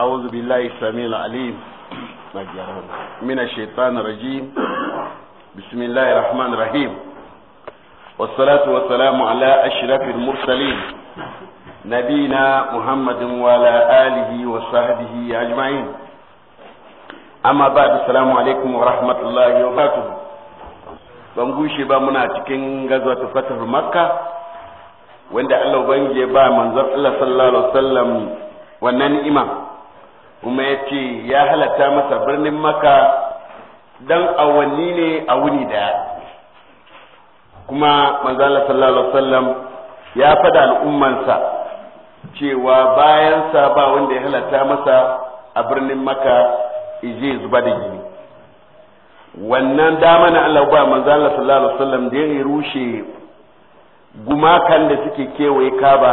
أعوذ بالله السميع العليم من الشيطان الرجيم بسم الله الرحمن الرحيم والصلاة والسلام على أشرف المرسلين نبينا محمد وعلى آله وصحبه أجمعين أما بعد السلام عليكم ورحمة الله وبركاته ban gushe ba muna cikin gazuwa ta fatar makka wanda Allah bangi ba manzon Allah sallallahu alaihi wasallam wannan ni'ima kuma ya ce ya halatta masa birnin makka dan awanni ne a wuni daya kuma manzon Allah sallallahu alaihi wasallam ya fada al'ummansa cewa bayansa ba wanda ya halatta masa a birnin makka ije zuba da jini. wannan dama na Allah ba manzo Allah sallallahu alaihi wasallam da ya rushe gumakan da suke kewaye kaba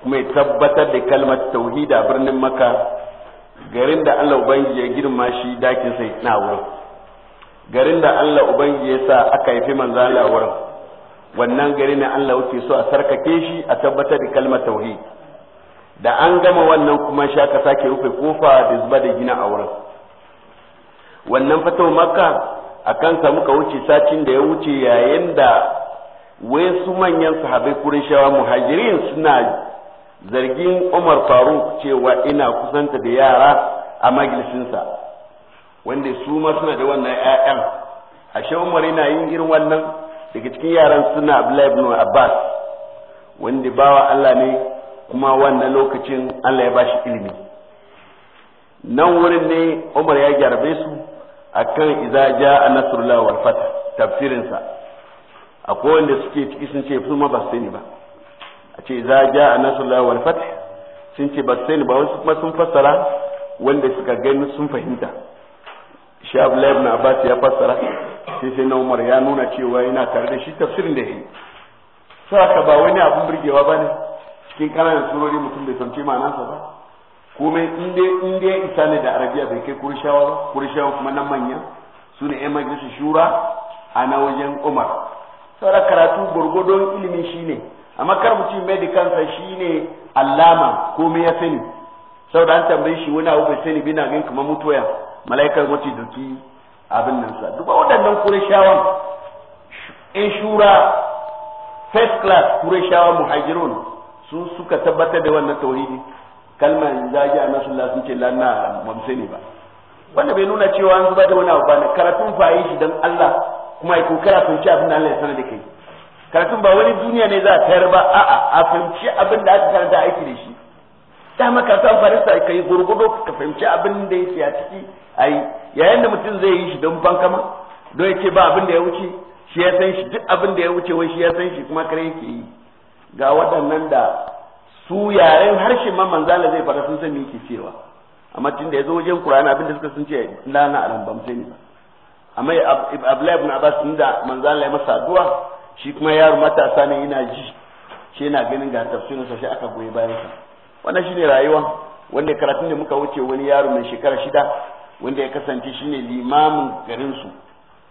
kuma ya tabbatar da kalmar tauhida birnin maka garin da Allah ubangiji ya girma shi dakin sai na wurin garin da Allah ubangiji ya sa aka haifi manzo Allah wurin wannan gari ne Allah yake so a sarkake shi a tabbatar da kalmar tauhid da an gama wannan kuma shaka sake rufe kofa da zuba da gina a wurin wannan fatawa makka a kansa muka wuce sacin da ya wuce yayin da wai su manyan sahabai kurishawa muhajirin suna zargin umar faruk cewa ina kusanta da yara a majalisinsa wanda su ma suna da wannan 'ya'yan ashe umar yana yin irin wannan daga cikin yaran suna abdullahi ibn abbas wanda bawa allah ne kuma wannan lokacin allah ya bashi ilimi nan wurin ne umar ya gyarbe su akan idza jaa nasrullah wal fath tafsirin sa akwai wanda suke ciki sun ce su ma ba sani ba a ce idza jaa nasrullah wal fath sun ce ba sani ba wasu kuma sun fassara wanda suka gani sun fahimta shi Abdullahi ibn Abbas ya fassara sai sai na Umar ya nuna cewa yana tare da shi tafsirin da yi sai ka ba wani birgewa burgewa bane cikin kananan surori mutum bai sanci ce ma'anarsa ba komai in dai isa ne da arabiya bai kai kurshawa kurshawa kuma nan manya su ne yan majalisar shura a na wajen umar saura karatu gwargwadon ilimi shine amma kar mutum mai da kansa shine allama komai ya sani saboda an tambaye shi wani abu bai sani bina ganin kamar mutuwa mala'ikar wace doki abin nan sa duk waɗannan kurshawa in shura first class kurshawa muhajirun su suka tabbatar da wannan tauridi kalmar zagi a nasu la sun ce lanna mamse ne ba wanda bai nuna cewa an zuba da wani abu ba na karatun fayi shi don Allah kuma ai kokara sun ci abin da Allah ya sanar da kai karatun ba wani duniya ne za a tayar ba a'a a fahimci abin da aka karanta aiki da shi dama maka san farisa ka yi gurgudo ka fahimci abin da yake a ciki ai yayin da mutum zai yi shi don ma don ya ce ba abin da ya wuce shi ya san shi duk abin da ya wuce wai shi ya san shi kuma kare yake yi ga waɗannan da su yaren harshen ma Allah zai fara sun san miki cewa amma tun da yazo wajen Qur'ani abinda suka sun ce lana aran bam sai ba amma Abdullahi ibn Abbas inda manzala ya masa addu'a shi kuma yaro matasa ne yana ji shi yana ganin ga tafsirin sa shi aka goyi bayan sa wannan shine rayuwa wanda karatun da muka wuce wani yaro mai shekara shida wanda ya kasance shine limamin garin su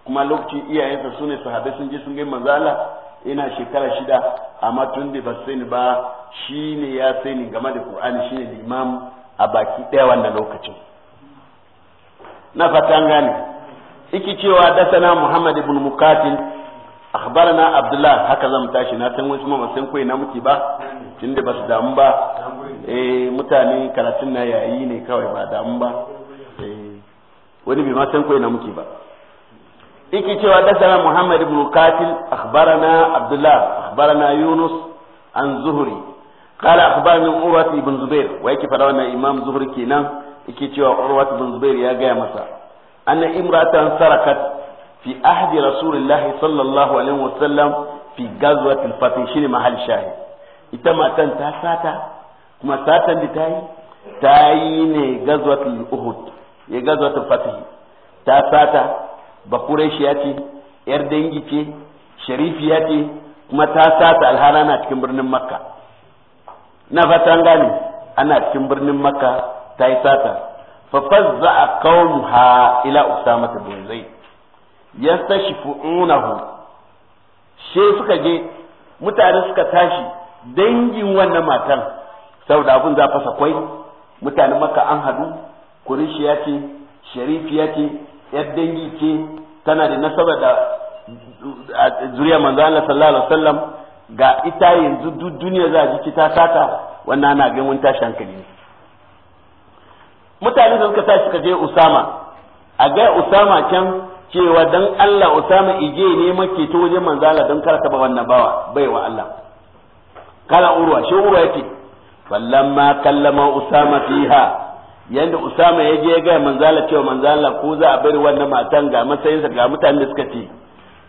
kuma lokacin iyayensa sune sahabbai sun je sun ga manzala ina shekara shida amma tun da ba sani ba shi ne ya sani game da Qur'ani shi ne limam a baki ɗaya wannan lokacin na fata an gane iki cewa dasana Muhammad ibn Mukatil akhbarana Abdullah haka zan tashi na san wasu ma san koyi na muke ba tun da ba su damu ba eh mutane karatun na yayi ne kawai ba damu ba eh wani bai ma san koyi na muke ba yake cewa dasana Muhammad ibn Qatil akhbarana Abdullah akhbarana Yunus an Zuhri qala akhbarani Urwa ibn Zubair wa yake fara wannan Imam Zuhri kenan yake cewa Urwa ibn Zubair ya gaya masa anna imratan sarakat fi ahdi Rasulillah sallallahu alaihi wasallam fi gazwati al-Fath shine mahal shahid ita matan ta sata kuma satan da ta yi ta yi ne gazwatul Uhud ya gazwatul Fath ta sata bakurai ya ce yar dangi ce sharifi ya ce kuma ta sata alhana na cikin birnin makka na fata gane ana cikin birnin makka ta yi sata za a ha ila usama mata bunzai ya tashi she suka je mutane suka tashi dangin wannan matan saboda abun za fasa kwai mutanen makka an hadu kurishi ya ce sharifi ya ce yar dangi ce tana da nasaba da zuriya manzo Allah sallallahu alaihi wasallam ga ita yanzu duk duniya za a ji ta sata wannan ana ganin wani tashi hankali ne mutane da suka tashi ka je Usama a ga Usama can cewa dan Allah Usama ije ne make to wajen manzo Allah don karata ba wannan bawa bai wa Allah kala urwa shi urwa yake falamma kallama Usama fiha yanda usama ya je ya gaya manzala cewa manzala ko za a bari wannan matan ga matsayinsa ga mutanen da suka ce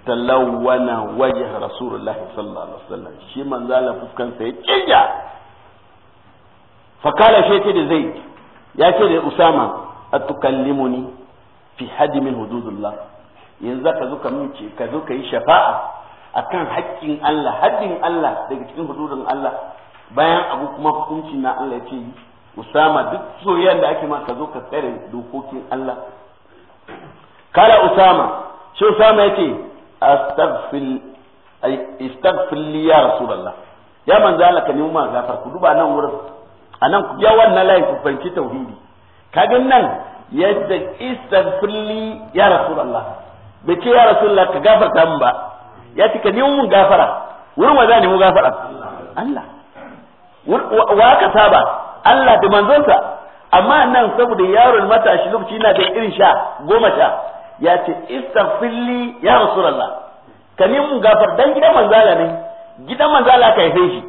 tallawana wajh rasulullah sallallahu alaihi wasallam shi manzala fuskansa ya canja fakala shi ce da zai ya ce da usama atukallimuni fi hadi min hududullah yanzu ka zo ka min ce ka zo ka yi shafa'a akan haƙƙin Allah haddin Allah daga cikin hududun Allah bayan abu kuma hukunci na Allah ya ce usama duk soyayyar da ake maka zo ka tsare dokokin Allah kala usama shi usama yake astaghfir istaghfir li ya rasulullah ya manzo Allah ka nemi gafar ku duba nan wurin anan ya wannan layi ku fanki tauhidi ga nan yadda istaghfir li ya rasulullah bai ce ya rasulullah ka gafarta min ba ya ce ka nemi mun gafara wurin wa za ne mu gafara Allah wa ka saba Allah da manzonsa amma nan saboda yaron matashi lokaci na da irin sha goma sha ya ce istaghfirli ya rasulullah ka mun gafar dan gidan manzala ne gidan manzala ka haife shi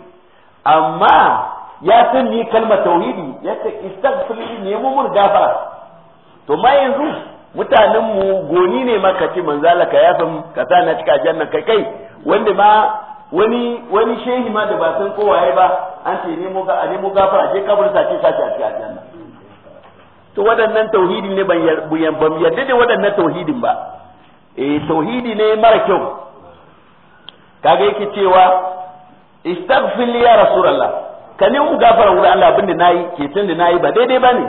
amma ya san ni kalmar tauhidi ya ce istaghfirli mu mun gafara to ma yanzu mutanen mu goni ne maka ce manzala ka yafin ka sa na cika jannan kai kai wanda ma wani wani shehi ma da ba san kowaye ba an ce nemo ga a nemo gafara je kabur sa ce sashi a cikin aljanna to waɗannan tauhidi ne ban ban yarda da waɗannan tauhidin ba eh tauhidi ne mara kyau kaga yake cewa istaghfir li ya rasulullah ka nemo gafara wurin Allah abin da nayi ke tun da nayi ba daidai bane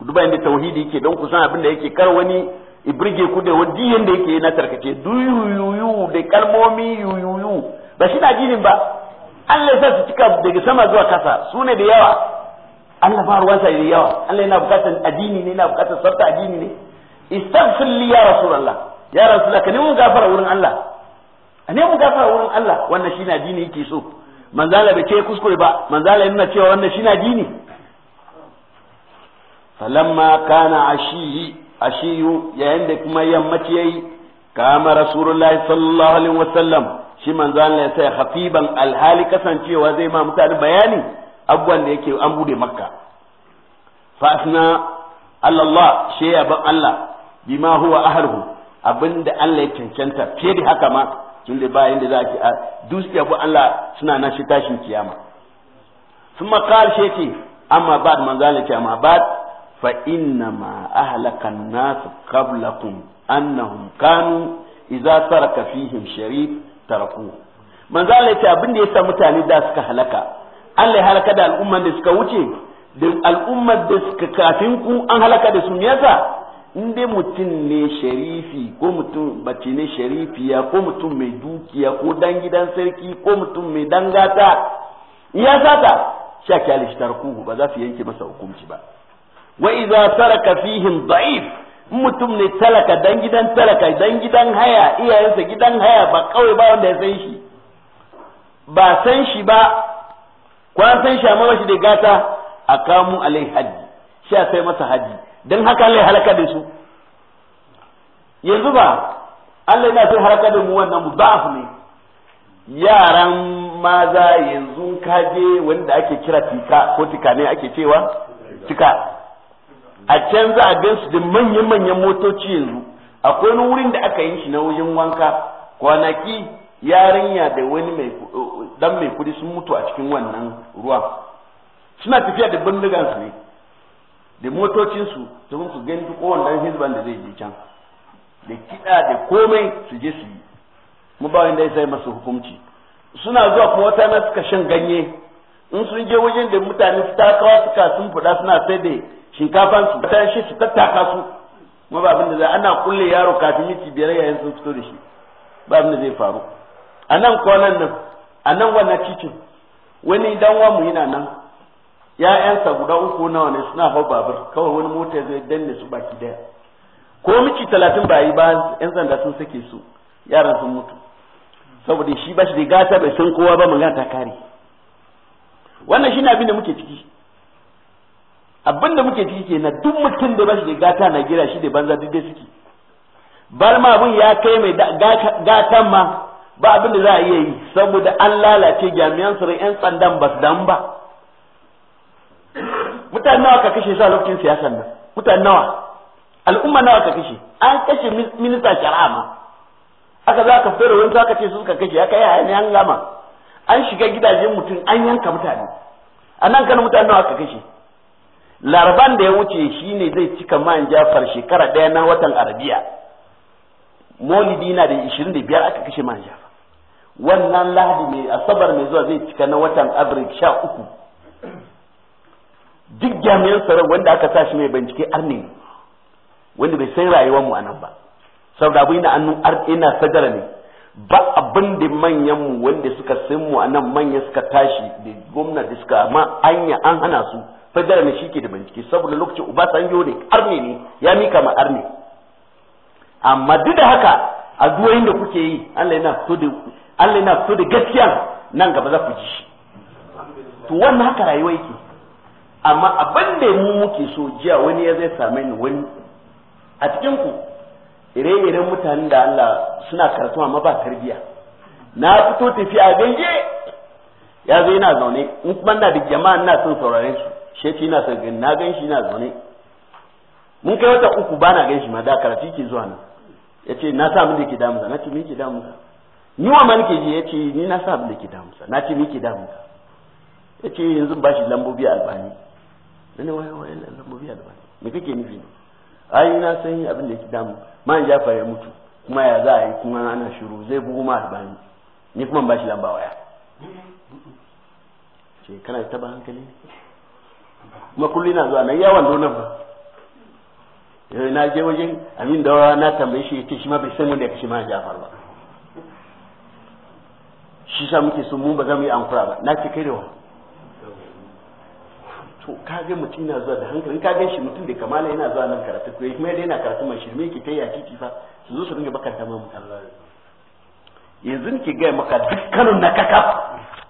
duba inda tauhidi yake don ku san abin da yake kar wani ibirge ku da wadi yanda yake na tarkace du yuyuyu da kalmomi yuyuyu ba shi na jinin ba Allah sa su cika daga sama zuwa kasa su ne da yawa Allah ba ruwansa da yawa Allah yana bukatar addini ne yana bukatar sarta addini ne istaghfir li ya rasulullah ya rasulullah ka nemi gafara wurin Allah a nemi gafara wurin Allah wannan shi na addini yake so manzala bai ce kuskure ba manzala yana cewa wannan shi na addini falamma kana ashiyi ashiyu yayin da kuma yammaci yayi kama rasulullahi sallallahu alaihi wasallam shi manzo Allah ya sai hafiban alhali kasancewa zai ma mutane bayani abubuwan da yake an bude makka fa asna Allah shi ya ban Allah bima huwa ahluhu abinda Allah ya cancanta fiye da haka ma tun da bayan da za a dusiya ko Allah suna nashi shi tashin kiyama sun makar shi amma ba manzo Allah kiyama ba fa inna ma ahlaka kabla nas qablakum annahum kanu idza taraka fihim sharif taraku manzo Allah abin da yasa mutane da suka halaka Allah ya halaka da al'umman da suka wuce da al'ummar da suka kafin ku an halaka da su ne yasa in mutum ne sharifi ko mutum bace ne sharifiya ko mutum mai dukiya ko dan sarki ko mutum mai dangata ya sata sha kyalishi tarku ba za su yanke masa hukunci ba wa iza saraka fihim da'if mutum ne talaka dan gidan talaka dan gidan haya iyayensa gidan haya ba kawai ba wanda ya san shi ba san shi ba kwan san shi amma shi da gata a kamu alai haji shi sai masa haji don haka Allah ya halaka da su yanzu ba Allah yana sai halaka da mu wannan mudaf ne yaran maza yanzu kaje wanda ake kira tika ko tika ne ake cewa tika a can za a gansu da manyan-manyan motoci yanzu akwai wani wurin da aka yi shi na wajen wanka kwanaki yarinya da wani mai eh, dan mai kudi sun mutu a cikin wannan ruwa suna tafiya da su ne da su domin su gani duk wannan hizban da zai je can da kiɗa da komai su je su yi mu ba wanda sai masu hukunci suna zuwa kuma wata na suka shan ganye in sun je wajen da mutane su takawa suka sun fada suna sai da shinkafan su ta shi su tattaka su kuma ba abin da za ana kulle yaro kafin miki biyar yayin sun fito da shi ba abin da zai faru a nan kwanan nan a nan wannan cikin wani dan wa mu yana nan ya'yansa guda uku nawa ne suna hau babur kawai wani mota zai danne su baki daya ko miki talatin ba yi ba yan sanda sun sake su yaran sun mutu saboda shi ba shi da gata bai san kowa ba magana ta kare wannan shi na abin da muke ciki Abin da muke ciki na duk mutum da ba shi da gata na gira shi da banza duk da suke bar ma abin ya kai mai gatan ma ba abin da za a iya yi saboda an lalace jami'an tsaron 'yan tsandan ba su damu ba mutane nawa ka kashe sa lokacin siyasan nan mutane nawa al'umma nawa ka kashe an kashe minista shari'a ma aka za ka fito da wani aka ce su suka kashe aka yi hayani an gama an shiga gidajen mutum an yanka mutane a nan kan mutane nawa ka kashe laraban da ya wuce shi ne zai cika man jafar shekara ɗaya na watan arabiya maulidi na da ishirin da biyar aka kashe man jafar wannan lahadi mai asabar mai zuwa zai cika na watan abrik sha uku duk jami'an tsaron wanda aka sa shi mai bincike arni wanda bai san rayuwar mu anan ba saboda abu ina annu ina sadara ne ba abin da manyan mu wanda suka san mu nan manya suka tashi da gwamnati suka amma anya an hana su fadar ne shi ke da bincike saboda lokacin Obasanjo ne arne ne ya mika ma arne amma duk da haka a duwayin da kuke yi Allah yana so da Allah yana gaskiya nan gaba za ku ji shi to wannan haka rayuwa yake amma abin da mu muke so jiya wani ya zai same ni wani a cikin ku ire-iren mutanen da Allah suna karatu amma ba tarbiya na fito tafiya ganje ya zai na zaune in kuma na da jama'a na son saurare su sheki na san gani na gan shi na zaune mun kai wata uku ba na gan shi ma da karatu ke zuwa nan yace na sa mun da ke damu na ce me ke damusa ni wa man ke ji yace ni na sa mun da ke damu na ce me ke damu ya yanzu ba shi lambobi albani na ne waye waye lambobi albani me kake nufi ai na san abin da ke damu man jafa ya mutu kuma ya za a yi kuma ana shiru zai bugu ma albani ni kuma ba shi lamba waya ce kana ta ba hankali ne kuma kullum na zuwa nan yawon donar ba yau na je wajen amin daura na tambaye shi yace shi ma bai san wanda ya kashe mana jafar ba shi sa muke so mu ba za mu yi ankura ba na ce kai da wa to ka ga mutum na zuwa da hankali ka gan shi mutum da kamala yana zuwa nan karatu ko kuma yadda yana karatu mai shirme yake kai ya titi fa su zo su dinga bakanta mu yanzu ki gaya maka dukkanin na kaka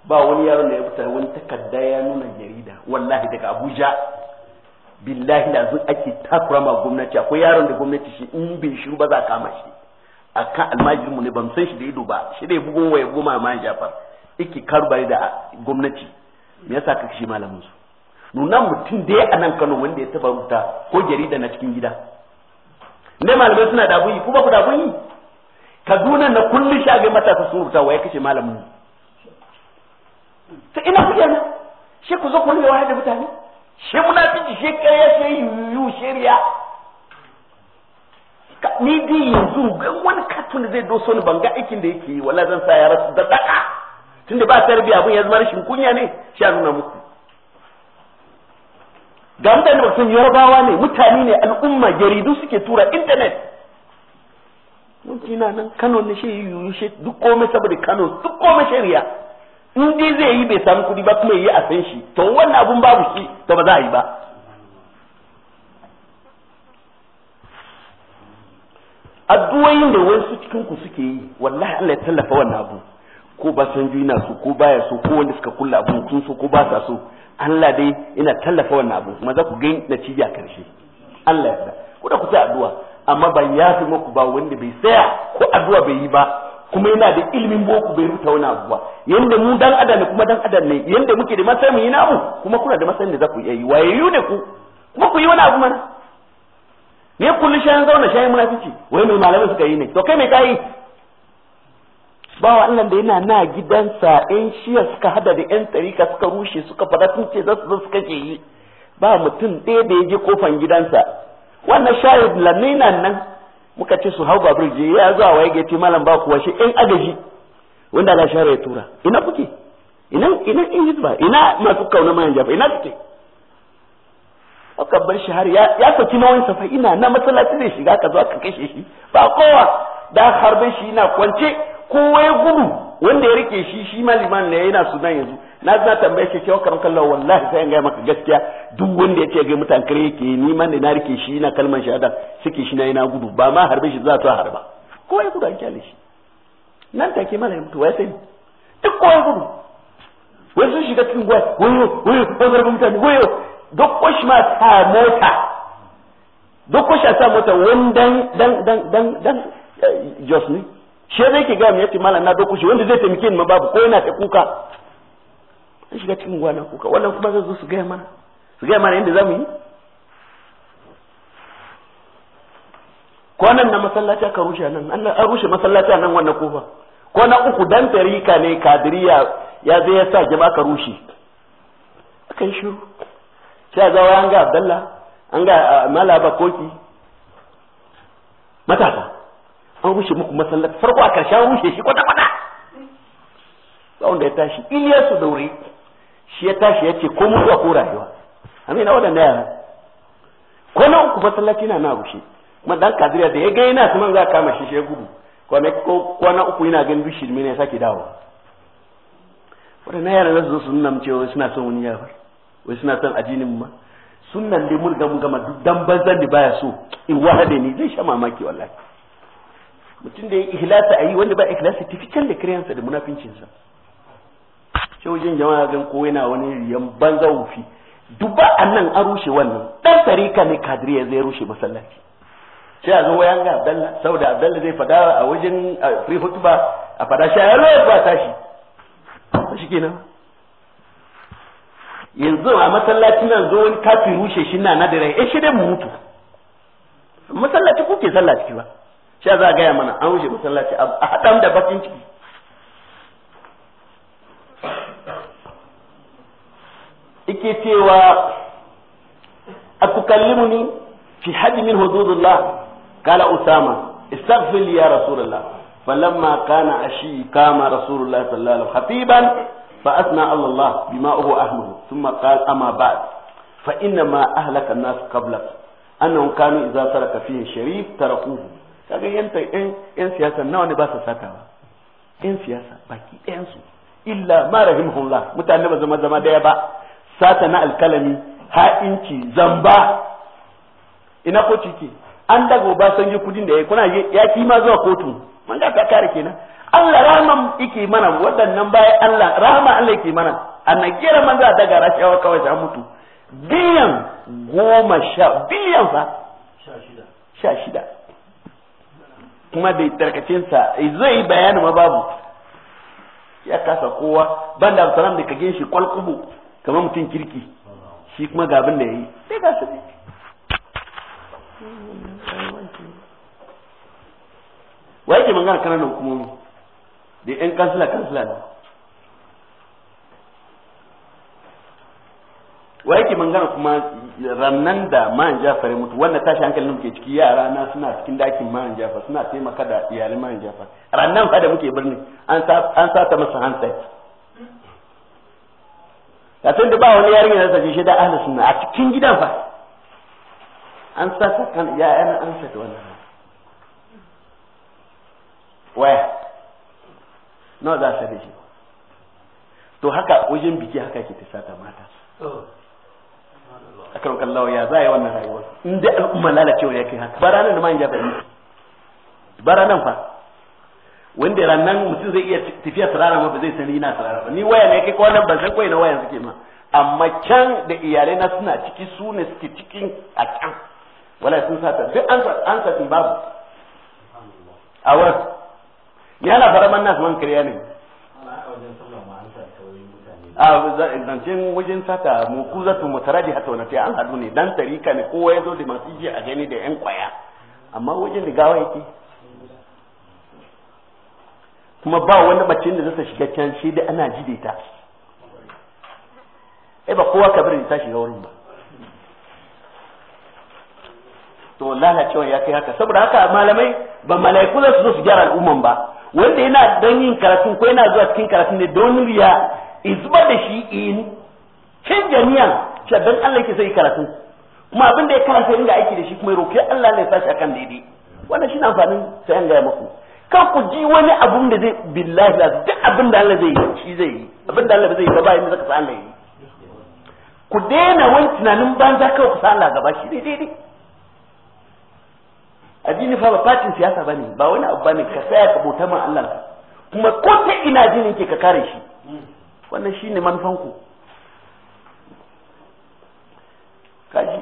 ba wani yaron da ya fita wani takarda ya nuna jarida wallahi daga abuja billahi da zun ake takura ma gwamnati akwai yaron da gwamnati shi in bai shiru ba za a kama shi a kan almajirinmu ne ban san shi da ido ba shi da bugun waya goma ma jafar yake karbari da gwamnati me yasa ka kashe malamin su nuna mutum da ya anan kano wanda ya taba rubuta ko jarida na cikin gida ne malamai suna da abun yi kuma ku da abun yi kaduna na kullum shagai matasa sun rubuta waya kashe malamin ta ina kuke nan shi ku zo ku rubewa da mutane shi munafiki shi ƙarya shi yuyu shari'a ni dai yanzu wani katun zai doso ni banga aikin da yake yi wala zan sa ya rasu da daka tunda ba tarbiya abun ya zama rashin kunya ne sha nuna muku ga mutane ba sun yarbawa ne mutane ne al'umma jaridu suke tura internet mun na nan kano ne shi yuyu shi duk komai saboda kano duk komai shari'a in dai zai yi bai samu kuɗi ba kuma yi a san shi to wannan abun babu shi to ba za a yi ba addu'o'in da wasu cikin ku suke yi wallahi Allah ya tallafa wannan abu ko ba san juna su ko baya so ko wanda suka kulla abun sun so ko ba sa so Allah dai yana tallafa wannan abu kuma za ku ga natija karshe Allah ya sa ku da ku ta addu'a amma ban yafi muku ba wanda bai saya ko addu'a bai yi ba kuma yana da ilimin boko bai rubuta wani abu ba yanda mu dan adam ne kuma dan adam ne yanda muke da masai mu yi namu kuma kuna da masai da za ku yi wayayyu ne ku kuma ku yi wani abu mana me kullu shayin zauna shayin munafici wai mai malamai suka yi ne to kai mai kai bawa Allah da yana na gidansa ɗan shiya suka hada da ɗan tarika suka rushe suka fada sun ce za su zo suka yi ba mutum ɗaya da ya je kofan gidansa wannan shayar lannina nan muka ce su hau babur je ya zuwa waye ga ce malam ba kuwa shi in agaji wanda Allah shara ya tura ina kuke ina ina in hizba ina masu kauna mayan jafa ina kuke aka bar shi har ya saki nauyin safa ina na masallaci zai shiga ka zo ka kashe shi ba kowa da harbin shi ina kwance kowa ya gudu wanda ya rike shi shi maliman ne yana nan yanzu na za tambaye shi kyau karan kallon wallahi sai in gaya maka gaskiya duk wanda ya ce ga mutan kare yake ni man da na rike shi na kalman shahada suke shi na yana gudu ba ma harbe shi za ta harba kowa ya gudu an kyale shi nan take mana mutu wai sai duk kowa ya gudu wai sun shiga cikin gwai wayo wayo an zargi mutane wayo duk kwashi ma sa mota dokko a sa mota wani dan dan dan dan dan eh, jos ne shi zai ki gami ya yace malam na doku shi wanda zai taimake ni ma babu ko yana ta kuka an shiga cikin gwana kuka wannan kuma zai zo su gaya mana su gaya mana yadda za mu yi kwanan na masallaci aka rushe nan an rushe masallaci nan wannan kofa kwana uku dan tarika ne kadiriya ya zai ya sa jama'a ka rushe aka yi shiru sai ga an ga abdallah an ga ah, malaba koki matasa an rushe muku masallaci farko a karshe an rushe shi kwata-kwata ba wanda ya tashi iliyasu daure shi ya tashi ya ce ko mutuwa ko rayuwa amina waɗanda yara ko na uku masallaci na na rushe kuma dan kadiriya da ya ga yana kuma za a kama shi shi ya gudu kwana uku yana ganin dushi mai ne ya sake dawo waɗanda yara za su zo su nuna cewa suna son wani yabar wai suna son ajinin ma sunan dai mun mun gama duk dan banzan da baya so in wahade ni zai sha mamaki wallahi mutum da ya ikhlasa ayi wanda ba ikhlasa tafi can da kiryansa da munafincinsa sai wajen jama'a gan ko yana wani riyan banza wufi duba annan an rushe wannan dan tarika ne kadiriya zai rushe masallaci sai a zo wayan ga Abdallah saboda Abdallah zai fada a wajen free hutuba a fada shi ya ba tashi shi kenan yanzu a masallacin nan zo wani kafin rushe shi na na da rai eh shi dai mu mutu masallaci kuke sallah ciki ba shi za a gaya mana an wuce masallaci a haɗan da bakin ciki ike cewa a tukallimuni fi hajji min hududullah kala usama istaghfir ya rasulullah فلما كان عشي قام رسول الله صلى الله عليه وسلم خطيبا فأثنى على الله بما هو أهله ثم قال أما بعد فإنما أهلك الناس قبلك أنهم كانوا إذا ترك فيه شريف تركوه kaga yan yan siyasa nawa ne ba su sakawa yan siyasa baki ɗayan su illa ma rahimahullah mutane ba zama zama daya ba sata na alkalami ha'inci zamba ina ko ciki an daga ba san yi kudin da yayi kuna ya ki ma zuwa kotu man ga ka kare kenan Allah rahman yake mana waɗannan baya Allah rahama Allah yake mana annan kira man za daga rashawa kawai ta mutu biyan goma sha biyan fa sha shida kuma da sa eh, zai bayani ma babu ya kasa kowa ban da absalam da kage shi kwalkubu kamar mutum kirki shi kuma ga abin da ya sai ga su wa yake magana kuma hukumomi da yan kansila kansila ne wa yake mangana kuma rannan da man jafar ya mutu wannan tashi hankalin muke ciki yara na suna cikin dakin man jafar suna taimaka da iyalin man jafar rannan fa da muke birni an sata masa handset ya tun da ba wani yarinya da sace shi da ahlus sunna a cikin gidan fa an ta kan ya an an ta wannan waya nawa za a shi to haka wajen biki haka ke ta sata mata oh. akaron kallawa ya za a yi wannan rayuwa in dai al'umma lalacewa ya kai haka ba ranar da ma in ja fahimta ba fa wanda ranar mutum zai iya tafiya sarara ma ba zai sani na sarara ba ni waya ne kai ko ban san kwai na waya suke ma amma can da iyalai na suna ciki su ne suke cikin a can wala sun sata duk an an tun babu a wasu yana fara man nasu man kariya ne Ah, a zancen wajen sata mu ku za su da hata wani fiye an ne dan tarika ne kowa ya zo da masu ji a gani da yan kwaya amma wajen da gawa yake kuma ba wani bacci da zai shiga can shi da ana ji da ita E ba kowa kabirin ta shiga wurin ba to lalacewa ya kai haka saboda haka malamai ba malaikula su zo su gyara al'umman ba wanda yana don yin karatun ko yana zuwa cikin karatun ne don riya zubar da shi in canja niyan cewa dan Allah yake sai karatu kuma abin da ya karanta inda aiki da shi kuma roke Allah ne ya sashi akan daidai wannan shi na amfanin sai an gaya muku kan ku ji wani abun da zai billahi da duk abin da Allah zai yi shi zai yi abin da Allah zai yi ba yin zaka sa Allah yi ku daina wani tunanin banza kawai ku sa Allah gaba shi ne daidai addini fa ba fatin siyasa bane ba wani abu ne ka saya ka bauta ma Allah kuma ko ta ina jinin ke ka kare shi wannan shine ne manufanku kaji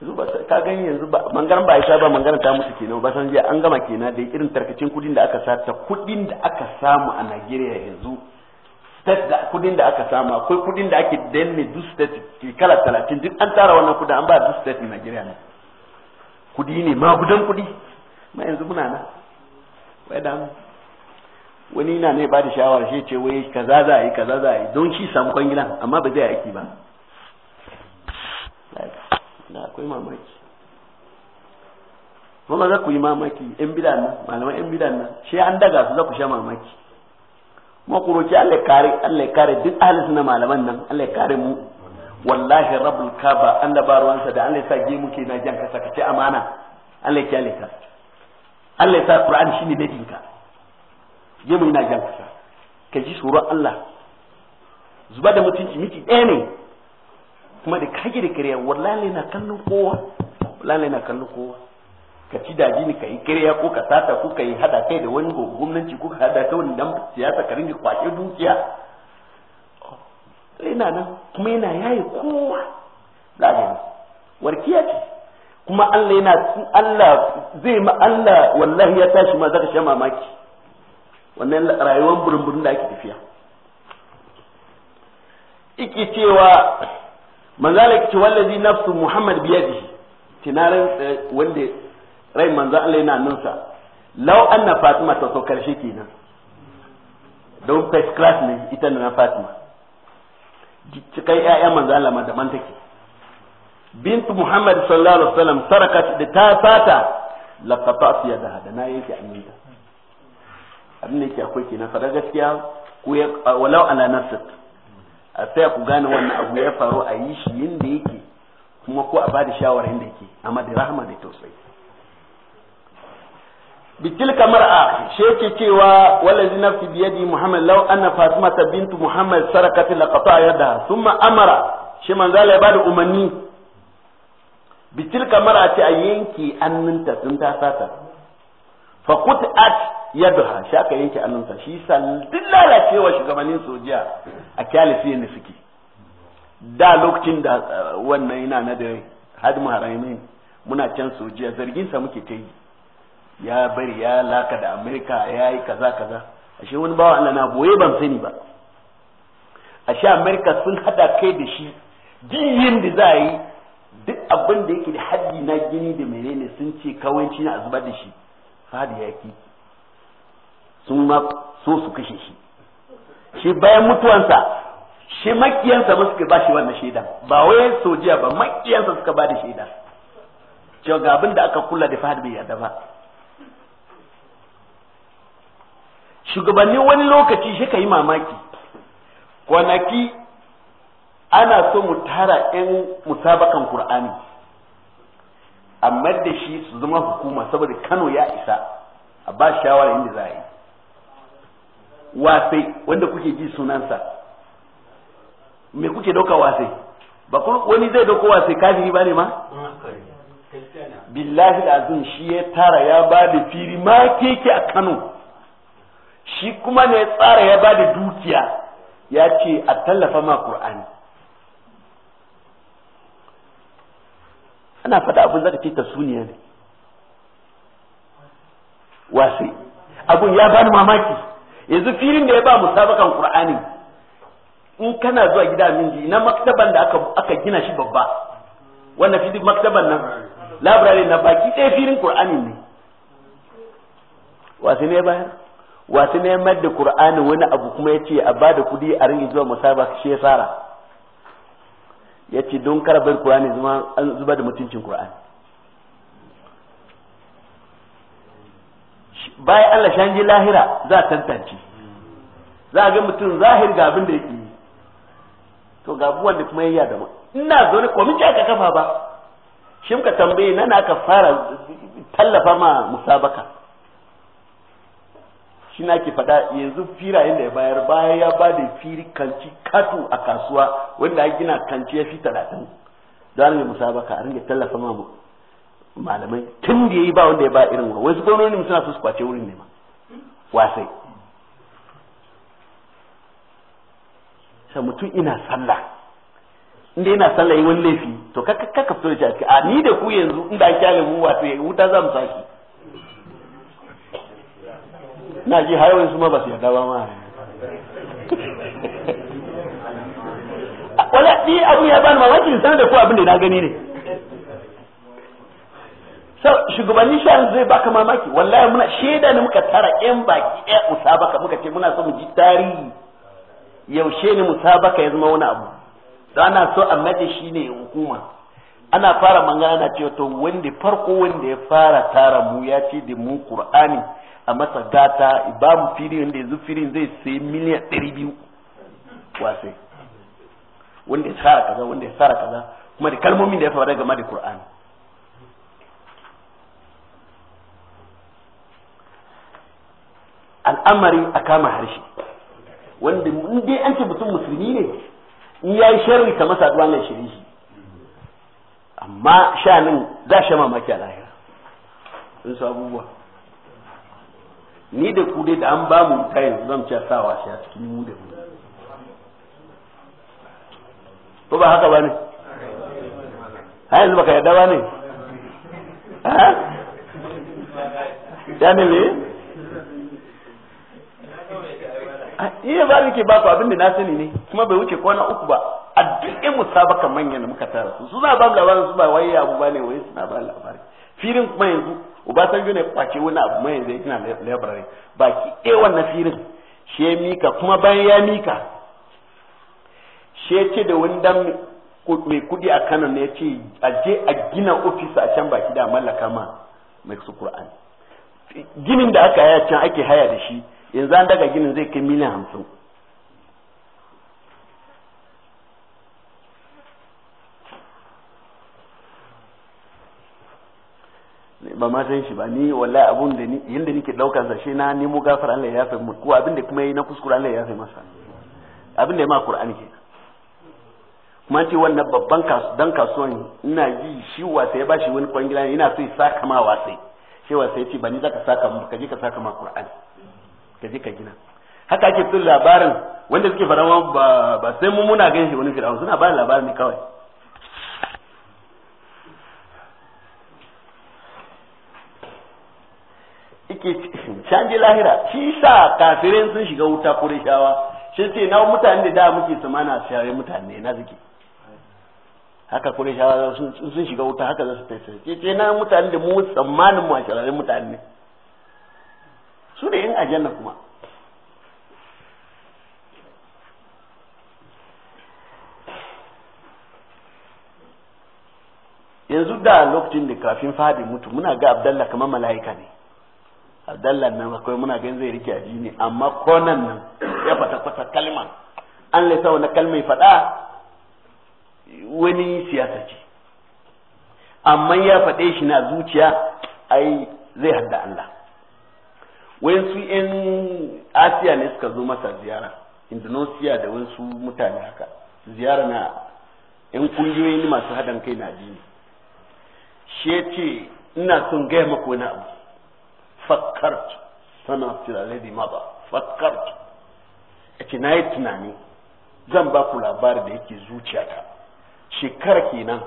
yanzu ka gani yanzu ba mangaran ba isa ba mangana ta musu kenan ba san jiya an gama kenan da irin tarkacin kudin da aka sata kudin da aka samu a Najeriya yanzu state da kudin da aka samu akwai kudin da ake danne duk state kala 30 duk an tara wannan kudin an ba duk state Najeriya ne kudi ne ma gudan kudi ma yanzu muna na wai da mu wani na ne ba da shawara shi ce wai kaza za a yi kaza za a yi don shi samu kwangilan amma ba zai aiki ba na akwai mamaki kuma za ku yi mamaki yan bida nan malaman yan bidan nan shi an daga su za ku sha mamaki kuma ku roki Allah ya kare Allah ya kare duk ahli na malaman nan Allah ya kare mu wallahi rabbul kaba Allah ba ruwansa da Allah ya sa gemu ke na jan ka sakace amana Allah ya kyale ka Allah ya sa Qur'an shine dadin ka je mu ina jan kusa ka ji tsoron Allah zuba da mutunci miki ɗaya ne kuma da kage da kariya wallahi na kallon kowa wallahi na kallon kowa ka ci daji ne ka yi kariya ko ka sata ko ka yi hada kai da wani gwamnati ko ka hada kai wani dan siyasa ka ringa kwace dukiya ina nan kuma yana yaye kowa lalai warkiya ce kuma Allah yana Allah zai ma Allah wallahi ya tashi ma zaka sha mamaki wannan rayuwar burin da ake tafiya iki cewa manzala yake wallazi nafsu muhammad biyadihi tinarin wanda rai manzo Allah yana nan sa law anna fatima ta so karshe kenan don first class ne ita na fatima cikai ƴaƴa manzo Allah ma daban take bintu muhammad sallallahu alaihi wasallam sarakat da ta fata laqata yadaha da na yake aminta abin da yake akwai kenan fara gaskiya ku ya walau ala nafsik a sai ku gane wannan abu ya faru a yi shi yinda yake kuma ko a ba da shawara yinda yake amma da rahama da tausayi bitilka mar'a shi yake cewa wallazi nafsi yadi muhammad law anna fatima bintu muhammad sarakat qata yada thumma amara shi manzala ya bada umanni kamar mar'a ce a yanke annunta sun ta sata fa qut'at yadda shi aka yanke annunsa shi sandin lalacewa shugabannin sojiya a kyalisi ne suke da lokacin da uh, wannan yana na da hadmu haramin muna can sojiya zarginsa muke ta yi ya bari ya laka da amerika ya yi kaza kaza ashe wani bawa Allah na boye ban sani ba ashe amerika sun hada kai da shi yin da za a yi duk abin da yake da haddi na gini da menene sun ce kawanci na a da shi fadi ya ki sun ma so su kashe shi shi bayan mutuwansa shi makiyansa ba suka ba shi wannan shaidan ba wai sojiya ba makiyansa suka ba da shaida. cewa ga abin da aka kula da fahad bai yarda ba shugabanni wani lokaci shi ka yi mamaki kwanaki ana so mu tara 'yan musabakan Kur'ani amma da shi su zama hukuma saboda Kano ya isa a ba shawara inda za a yi wasai wanda kuke ji sunansa me kuke dauka wasai ba wani zai dauko wasai kafiri ba ne ma billahi azim shi ya tara ya ba da firi ma keke a kano shi kuma ne tsara ya ba da dukiya ya ce a tallafa ma qur'ani ana faɗa abin zaka ce ta suniya ne wasai abun ya bani mamaki yanzu filin da ya ba musabakan qur'ani in kana zuwa gida min ji na maktaban da aka aka gina shi babba wannan filin maktaban nan library na baki ɗaya filin qur'ani ne wasu ne bayar wasu ne mai da qur'ani wani abu kuma yace a bada kuɗi a ringi zuwa musabaka shi ya fara yace don karbar qur'ani zuma an zuba da mutuncin qur'ani bayan Allah shan ji lahira za a tantance za a ga mutum zahir ga abin da yake yi to ga abubuwan da kuma yayya ma ina zo zaune ce aka kafa ba shin ka tambaye nan aka fara tallafa ma musabaka shi na ke fada yanzu firayen da ya bayar baya ya ba da firi kanci katu a kasuwa wanda ya gina kanci ya fi talatin don ne musabaka a ringa tallafa ma malamai tun da yayi ba wanda ya ba irin wa wasu gwamnoni suna so su kwace wurin ne ma wasai sai mutum ina sallah inda ina sallah yi wani laifi to ka ka ka fito da shi a ni da ku yanzu inda an kyale mu wato wuta za mu saki na ji har wani ma ba su yarda ba ma wala ni abu ya bani mamaki san da ku abin da na gani ne shugabanni an zai baka mamaki wallahi muna shaida ne muka tara yan baki ya musabaka muka ce muna so mu ji tarihi yaushe ne musabaka ya zama wani abu da ana so a mace shi ne hukuma ana fara magana ce to wanda farko wanda ya fara tara mu ya ce da mu qur'ani a masa gata ibamu fili wanda yanzu filin zai sai miliyan ɗari biyu wasai wanda ya tsara kaza wanda ya tsara kaza kuma da kalmomin da ya fara game da qur'ani al'amari a kama harshe wanda in dai an ce mutum musulmi ne in ya yi sharri masa saduwa nan shirin shi amma shanin za sha mamaki a lahira sun su abubuwa ni da ku dai da an ba mu ta yanzu zan ci sawa shi a cikin mu da mu ko ba haka ba ne har yanzu baka yarda ba ne ya ne iya ba nake ba ku abin da na sani ne kuma bai wuce kwana uku ba a duk yan musabaka manyan da muka tara su suna ba labarin su ba wai abu ba ne wai suna ba labarin filin kuma yanzu Obasanjo ne kwace wani abu mai yanzu yana labarai baki ɗaya wannan filin shi ya mika kuma bayan ya mika shi ya ce da wani dan mai kudi a Kano ne ya ce a je a gina ofis a can baki da mallaka ma mai su Qur'ani ginin da aka haya can ake haya da shi yanzu an daga ginin zai kai miliyan hamsin ba ma san shi ba ni wallahi abun da ni yanda nake daukar sa shi na nemo gafar Allah ya yafe ko abin da kuma yi na kuskure Allah ya yafe masa abin da ya ma Qur'ani ke kuma ce wannan babban kasu dan kasuwan ina ji shi wasa ya bashi wani kwangila ina so ya saka ma wasai shi wa sai ce ba ni zaka saka mu ka je ka saka ma Qur'ani ka je ka gina haka ake tun labarin wanda suke fara ba ba sai mu muna ganin shi wani fir'aun suna ba labarin ne kawai ike canje lahira shi sa kafirin sun shiga wuta shawa shi ce na mutane da da muke su na shawarar mutane na suke haka shawa sun shiga wuta haka za su tafi ce na mutane da mu tsammanin mu a shawarar mutane aljanna kuma yanzu da lokacin da kafin fadi mutu muna ga abdallah kamar mala'ika ne abdallah nan akwai muna ganin zai rike aji ne amma konan nan ya fata kwata kalma an laisa wani ya faɗa wani siyasa ce amma ya faɗe shi na zuciya ai zai hadda Allah wayansu yan asiya ne suka zo masa ziyara indonesia da wasu mutane haka ziyara na yan kungiyoyi masu haɗin kai na biyu shi ya ce ina son gaya maka wani abu fakkart sana tilalai ma ba fakkart ya ce na yi tunani zan ba ku labari da yake zuciyata shekara kenan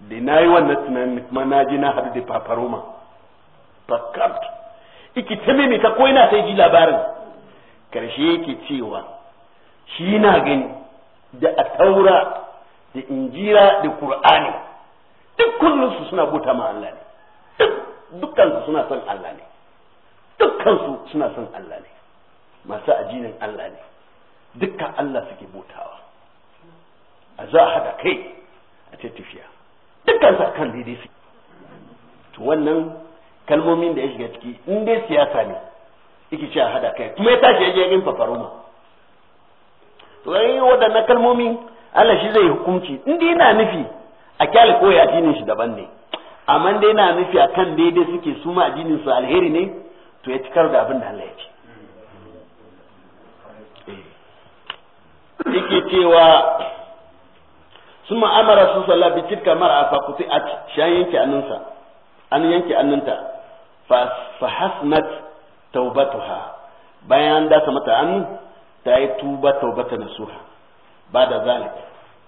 da na yi wannan tunanin kuma na ji na haɗu da paparoma fakkart iki ta mimita ko yana ta ji labarin karshe yake cewa shi na gani da a taura da injira da qur'ani duk su suna bota ma Allah ne dukkan su suna son Allah ne dukkan su suna son Allah ne masu ajinin Allah ne dukkan Allah suke botawa a za a hada kai a ce tafiya dukkan su akan daidai su to wannan kalmomin da ya shiga ciki in dai siyasa ne yake a hada kai kuma ya tashi ya yin fafaruma to ai waɗannan kalmomin Allah shi zai hukunci in dai yana nufi a kyale koyi addinin shi daban ne amma dai yana nufi a kan daidai suke su ma addinin su alheri ne to ya cikar da abin da Allah ya ce eh. yake cewa suma amara su sallah bi tilka mar'a fa kuti at shan yanke annunsa an yanke annunta fa hasnat taubatuha bayan an dasa mata an ta yi tuba taubata nasuha ba da zalik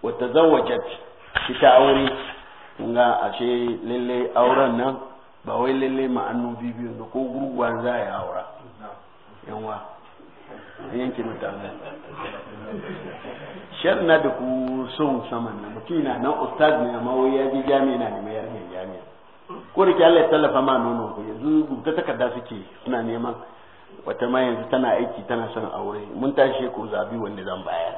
wa shi ta aure kunga ashe lalle auren nan ba wai lalle ma'annu bibiyu da ko gurguwa za ya aura yanwa yanke mata mutane shar na da ku son saman na mutum na nan ustaz ne amma wai ya ji jami'a na neman yarjin jami'a ko da ke Allah ya tallafa ma nono ku yanzu ta takarda suke suna neman wata ma yanzu tana aiki tana son aure mun tashi ko zabi wanda zan bayar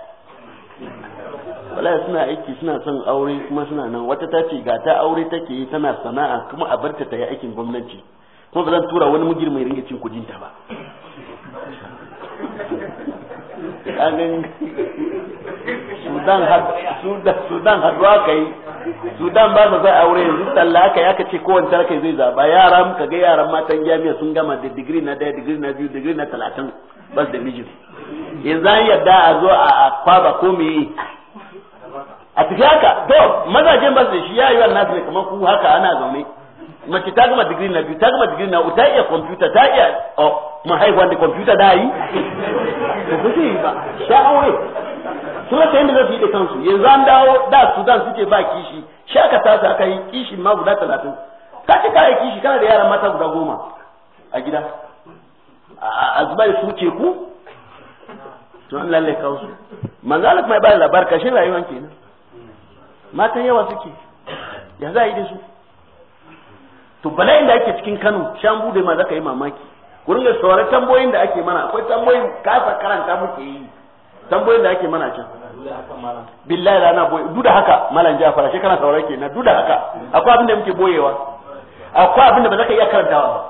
wallahi suna aiki suna son aure kuma suna nan wata ta ce ga ta aure take yi tana sana'a kuma a barta ta yi aikin gwamnati kuma ba zan tura wani mujir mai ringa cin kudinta ba sudan haduwa ka yi sudan ba za a aure yanzu talla aka yaka ce kowanne tarka zai zaba yara muka ga yaran matan jami'a sun gama da digiri na daya digiri na biyu digiri na talatin bas da miji yanzu an yadda a zo a kwaba ko me a tafi haka to mazajen ba su da shi ya yi wannan kamar ku haka ana zaune mace ta gama digiri na biyu ta gama digiri na ta iya kwamfuta ta iya o oh, haihuwa da kwamfuta da yi to ba zai yi ba sha aure su na yadda zai yi da kansu yanzu an dawo da sudan suke ba kishi sha ka aka yi kishi ma guda talatin ka ce ka yi kishi kana da yara mata guda goma a gida a zubai su ce ku tun an lalle kawo su manzo Allah kuma ya labar kashin rayuwan kenan matan yawa suke ya za a yi da su to bala'in da ake cikin Kano shan bude ma zaka yi mamaki wurin da sauraron tamboyin da ake mana akwai tamboyin kasa karanta muke yi tamboyin da ake mana can billahi rana boye duk da haka malam Jafar shi kana sauraron ke na duk da haka akwai abin da muke boyewa akwai abin da ba zaka iya karantawa ba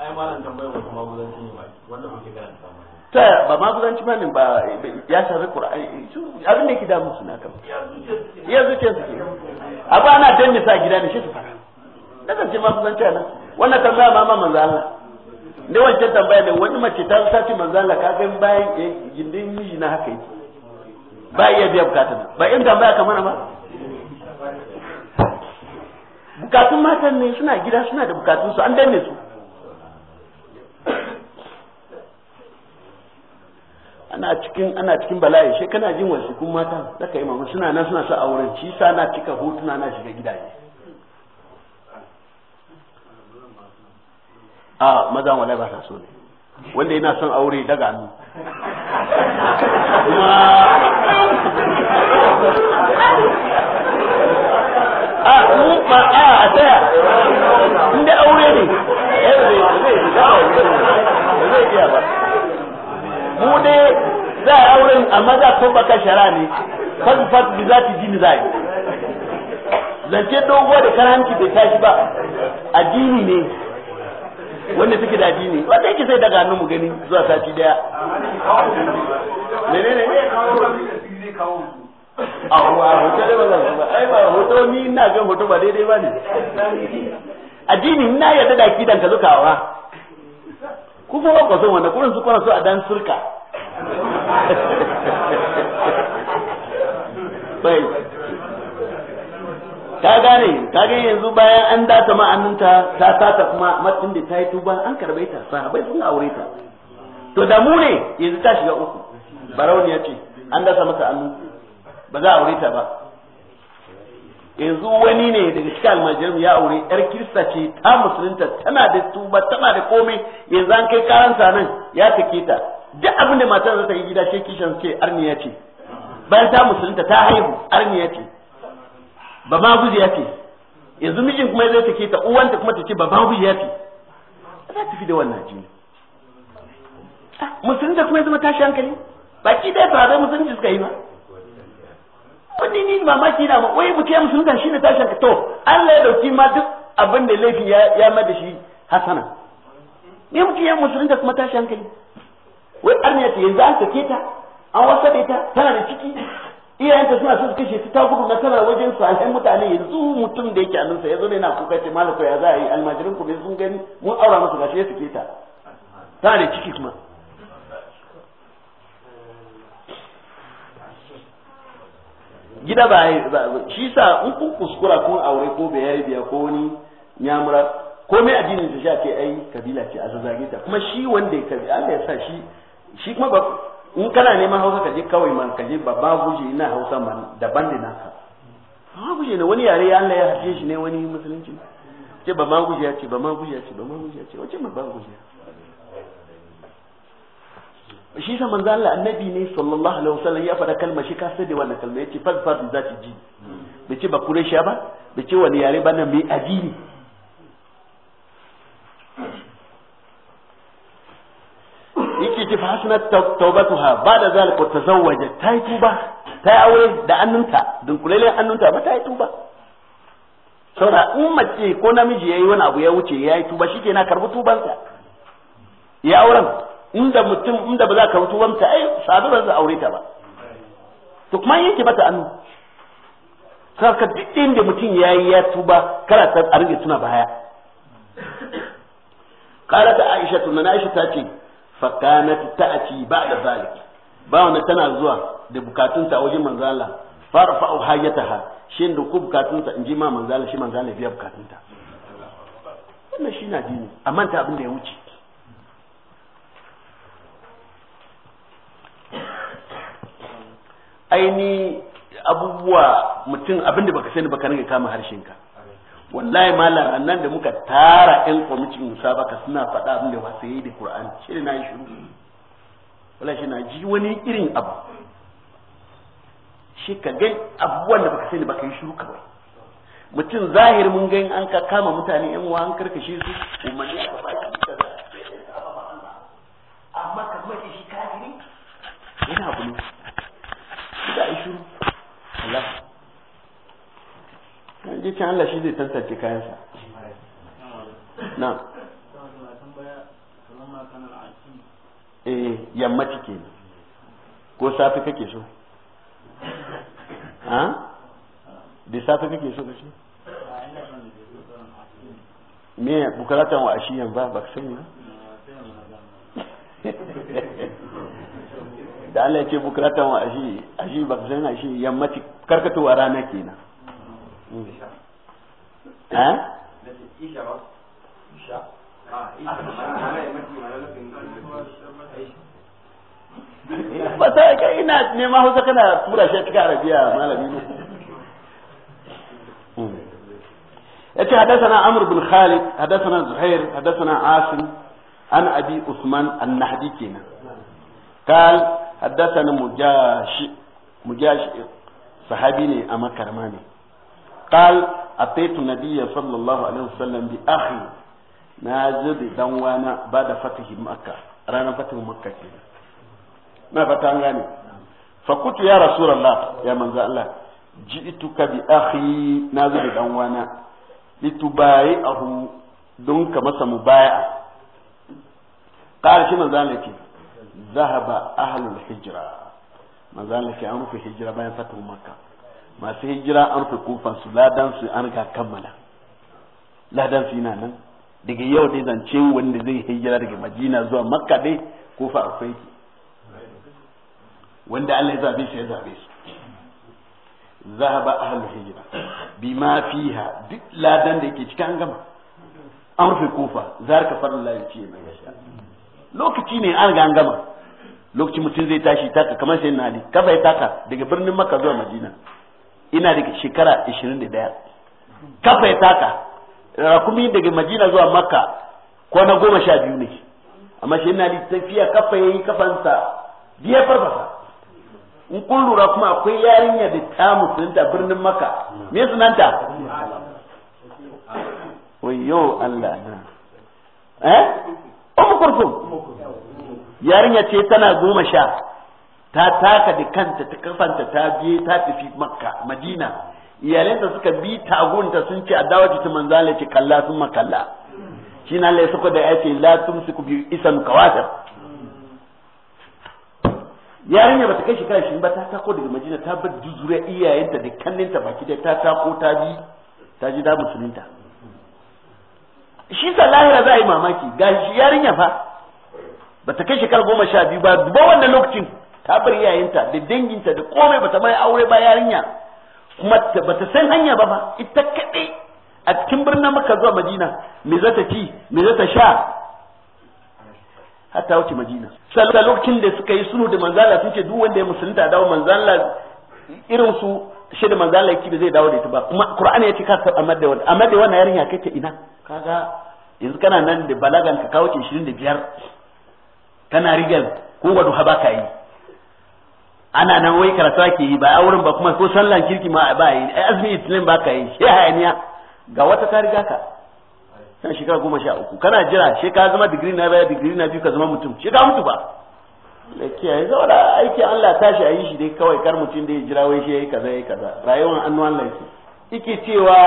ai malam tambayar wata maguzanci ne ba wanda muke karanta ta ba maguzanci ba ne ba ya shafi Qur'ani abin da yake da musu na kan ya zuciya suke abu ana danne sa gida ne shi su fara na zance ma kusanci nan wannan tambaya ma ma manzo Allah ne wancan tambaya ne wani mace ta sace manzo Allah ka kai bayan eh, gindin miji na haka yake ba iya biya bukata ba in tambaya kamar ba bukatun matan ne suna gida suna da bukatun su an danne su ana cikin ana cikin bala'i shi kana jin wasu kun mata zaka yi mamu suna nan suna sa auren ci sa na cika hotuna na shiga gidaje a maza wala ba sa so ne wanda yana son aure daga hannu kuma a mu ba a a tsaya inda aure ne zai iya ba mu dai za a auren a maza a baka shara ne fasfas bi za ta ji ni za yi zance dogo da karanci bai tashi ba addini ne wanda suke da ne wanda yake sai daga hannun mu gani zuwa sati daya ne a hoto da ba ba ai ba hoto ni ina ga hoto ba daidai ba ne addini ina yarda da akidan ka zukawa ku kuma ba son wanda kurin su kuna so a dan surka bai ka gane ka ga yanzu bayan an data ma'aninta ta tata kuma matsin da ta yi tuba an karbe ta sahabai sun aure ta to da mu ne yanzu ta shiga uku barauni ya ce an dasa masa annu ba za a aure ta ba yanzu wani ne daga cikin almajirin ya aure yar kirista ce ta musulunta tana da tuba tana da komai yanzu an kai karanta nan ya take ta duk abin da matar za ta yi gida ce kishan ce arniya ce bayan ta musulunta ta haihu arniya ce ba ma guje ya yanzu mijin kuma zai take ta uwanta kuma ta ce ba ba guje ya ce za ta fi da wannan jini ah, musulunta kuma zama tashi hankali dai ɗaya tare musulunci suka yi ba wani ni mamaki na ma wai mutum ya musulunta shi ne tashi hankali to Allah ya dauki ma duk abin da laifi ya mada shi hasana ne mutum ya musulunta kuma tashi hankali wai arniya ta yanzu an sake ta an wasa da ita tana da ciki iyayenta suna sun su kashe ta gudu na tana wajen su salihan mutane yanzu mutum da yake annansa ya zo yana kuka ce malaka ya za a yi almajirin ku bai sun gani mun aura musu gashi ya suke ta ta da ciki kuma gida ba shi sa in kun kuskura kun aure ko bai biya ko wani nyamura ko mai addinin ta sha ke ai kabila ce a zazzage ta kuma shi wanda ya kabila Allah ya sa shi shi kuma ba in kana neman hausa ka je kawai man ka je babba guje ina hausa man daban da naka ba guje ne wani yare Allah ya hace shi ne wani musulunci ce babba guje ya ce babba guje ya ce babba guje ya ce wace babba guje shi sa manzo Allah annabi ne sallallahu alaihi wasallam ya faɗa kalma shi ka sai da wannan kalma yace fa fa za ta ji bai ce ba shi ba bai ce wani yare ba nan mai addini ce fa hasanat tawbatuha ba'da zalika tazawwajat ta yi tuba ta yi aure da annunta dunkulelen annunta ba ta yi tuba saboda in mace ko namiji yayi wani abu ya wuce ya yi tuba shi na tuban tubansa ya auren inda mutum inda ba za ka karbi ta ai sadurar za aure ta ba to kuma yake bata annu saka duk inda mutum ya yi ya tuba kana ta a tuna baya قالت عائشة من عائشة تاتي fakanat ta'ati ba'da zalik ba wanda tana zuwa da bukatunta wajen manzala fara farfa'u hayyataha shin da ku bukatunta in ji ma manzala shi manzala biya bukatunta wannan shi na dini a manta abin da ya wuce aini abubuwa mutum abin da baka sani baka rage kama harshenka wallahi malam annan da muka tara yan kwamitin musabaka suna faɗa abin da wasu yi da qur'ani shi na yi shiru wallahi shi na ji wani irin abu shi ka ga abubuwan da baka sani baka yi shiru kawai mutum zahiri mun ga an ka kama mutane yan uwa an karkashe su umarni aka ba shi amma ka kuma shi kafiri yana abu ne da shiru Allah kan can Allah shi zai tantance kayansa na eh yammaci ke ko safi kake so ha da safi kake so kashi me bukaratan wa ashiyan ba ba sani ba da Allah ya ce bukaratan wa ashi ashi ba sani ashi yammaci karkatowa rana kenan ha ba sai kai ina neman hausa kana tura shi cikin arabiya malami ne yace hadathana amr bin khalid hadathana zuhair hadathana asim an abi usman an-nahdi kenan قال حدثنا مجاش مجاش صحابي ne a makarma ne قال أتيت النبي صلى الله عليه وسلم بأخي نازل دوانا بعد فتح مكة رانا فتح مكة كده ما فتح فقلت يا رسول الله يا من الله جئتك بأخي نازل دوانا لتبايعه دونك مسا مبايعة قال شنو ذلك ذهب أهل الحجرة ما ذلك أمر في حجرة بين فتح مكة masu hijira an fi kufansu ladan su an ga kammala ladan su yana nan daga yau dai zance wanda zai hijira daga madina zuwa makka dai kofa akwai wanda Allah ya zabe shi ya zabe su zahaba ahlul hijra bima fiha duk ladan da yake cikin gama an kufa kofa zarka farin layin ce mai yasha lokaci ne an ga an gama lokacin mutum zai tashi taka kamar sai na ali kaba ya taka daga birnin makka zuwa madina ina da shekara 21 kafa ya taka rakumi daga majina zuwa makka kwana goma sha biyu ne amma shi ina da tafiya kafa ya yi kafansa biya farfasa in kun lura kuma akwai yarinya da ta musulunta birnin makka me sunanta wayo Allah eh umu kurkum yarinya ce tana goma sha ta taka da kanta ta kafanta ta biye ta tafi makka madina iyalinta suka bi tagunta sun ce adawa ta manzala ce kalla sun makalla shi na lai suka da ya ce la su bi isan kawatar yarinya ta kai shekara shi ba ta tako daga madina ta bar duzura iyayenta da kanninta baki da ta tako ta bi ta ji da musulunta shi sa lahira za a yi mamaki ga yarinya fa ba ta kai shekara goma sha biyu ba duba wannan lokacin ta bar yayinta da danginta da komai bata mai aure ba yarinya kuma bata san hanya ba ba ita kaɗai a cikin birnin maka zuwa madina me za ta ci me za ta sha hatta wuce madina Salokin lokacin da suka yi sunu da manzala sun ce duk wanda ya musulunta dawo manzala irin su shi da manzala yake da zai dawo da ita ba kuma qur'ani ya ce ka ta amar da wannan amar da wannan yarinya ta ina kaga yanzu kana nan da balagan ka kawo 25 kana rigal ko wadu haba ka yi ana nan wai karatu ake yi ba auren ba kuma ko sallan kirki ma ba yi ai azmi itilin ba ka yi shi hayaniya ga wata ka riga ka kana shekara goma sha uku kana jira shi ka zama digiri na baya digiri na biyu ka zama mutum shi ka mutu ba da kiyaye da aiki Allah tashi a yi shi dai kawai kar mutum da ya jira wai shi yayi kaza yayi kaza rayuwar annu laifi yake cewa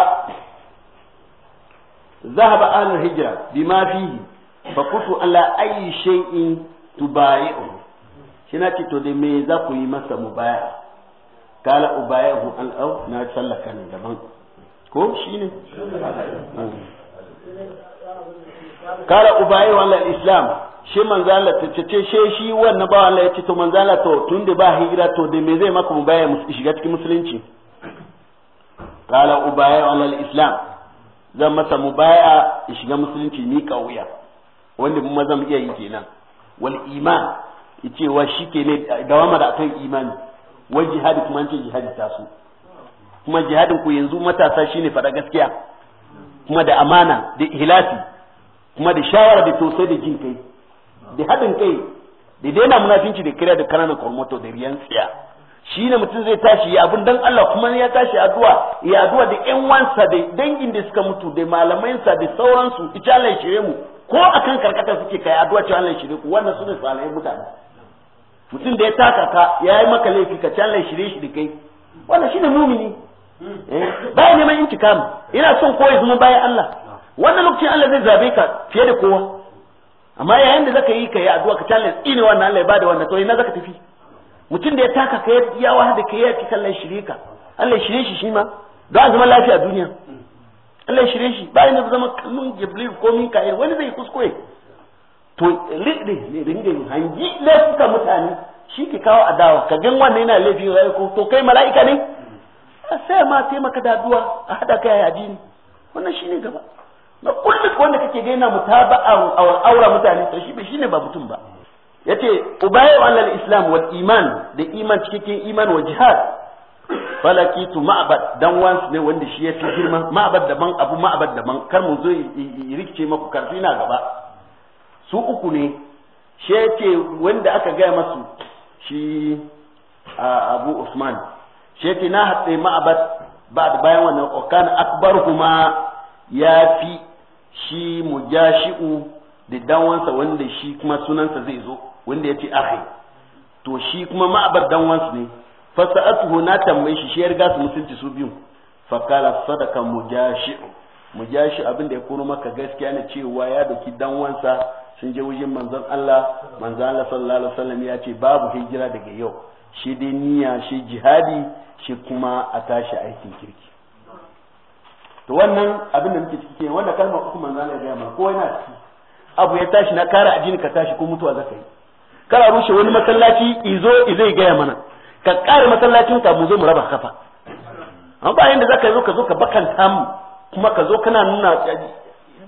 zahaba ذهب hijra bima fihi fa kutu ala ayi shay'in تبايعه shi na ce to dai me za ku yi masa mu baya kala ubaya hu an au na sallaka ne daban ko shi ne kala ubaya wa islam shi manzo Allah ta ce she shi wannan ba Allah ya ce to manzo Allah to tunda ba hijira to dai me zai maka mu baya shiga cikin musulunci kala ubaya wa islam zan masa mu baya shiga musulunci ni kauya wanda mu ma zan iya yi kenan wal iman cewa shi ke ne dawama da akan imani wa jihadi kuma ce jihadi ta su kuma jihadin ku yanzu matasa shine fada gaskiya kuma da amana da ihlasi kuma da shawara da tosai da jin kai da haɗin kai da daina munafinci da kira da kananan kormoto da riyan tsiya shi ne mutum zai tashi ya abin dan Allah kuma ya tashi addu'a ya addu'a da ƴan wansa da dangin da suka mutu da malamansa da sauransu ita Allah ya shirye mu ko akan karkata suke kai addu'a cewa Allah ya shirye ku wannan sune salihai mutane mutum da ya taka ka ya yi maka laifi ka ci Allah shirye shi da kai shi ne mumini eh, baya neman intikam ina son koyi zuma bayan Allah wannan lokacin Allah zai zabe ka fiye da kowa amma yayin da zaka yi ka yi addu'a ka ci Allah tsine wannan Allah ya bada wannan to ina zaka tafi mutum da ya taka ka ya wahar da kai ya ci Allah shirye ka Allah shirye shi shi ma don zama lafiya duniya Allah shirye shi bayan da zama mun jibril ko min kai wani zai kuskure to ringin hangi laifuka mutane shi ke kawo adawa ka gan wannan yana laifin rai ko to kai mala'ika ne sai ma taimaka da addu'a a hada kai ne. wannan shine gaba na kullu wanda kake ga yana mutaba'a aura mutane to shi shine ba mutum ba yace wa alal islam wal iman da iman cikin iman wa jihad falaki tu ma'bad dan wans ne wanda shi yafi girma ma'bad daban abu ma'bad daban kar mu zo rikice maku karfi na gaba su uku ne shi yake wanda aka gaya masu shi abu usman shi yake na haɗe ma'abat ba da bayan wannan okan akbar kuma ya fi shi mujashi'u da danwansa wanda shi kuma sunansa zai zo wanda ya ce ahi to shi kuma ma'abar danwansu ne fasa'atuhu na tambaye shi shi ya riga su musulci su biyu fakala sadaka mujashi'u mujashi abin da ya koro maka gaskiya ne cewa ya doki danwansa sun je wajen manzon Allah manzon Allah sallallahu alaihi wasallam ya ce babu hijira daga yau shi dai niyya shi jihadi shi kuma a tashi aikin kirki to wannan abin da muke ciki wanda kalma uku manzon Allah ya gaya ko yana ciki abu ya tashi na kara ajini ka tashi ko mutuwa zaka yi kara rushe wani masallaci izo izo ya gaya mana ka kare masallacin ka mu zo mu raba kafa amma ba yanda zaka zo ka zo ka bakanta mu kuma ka zo kana nuna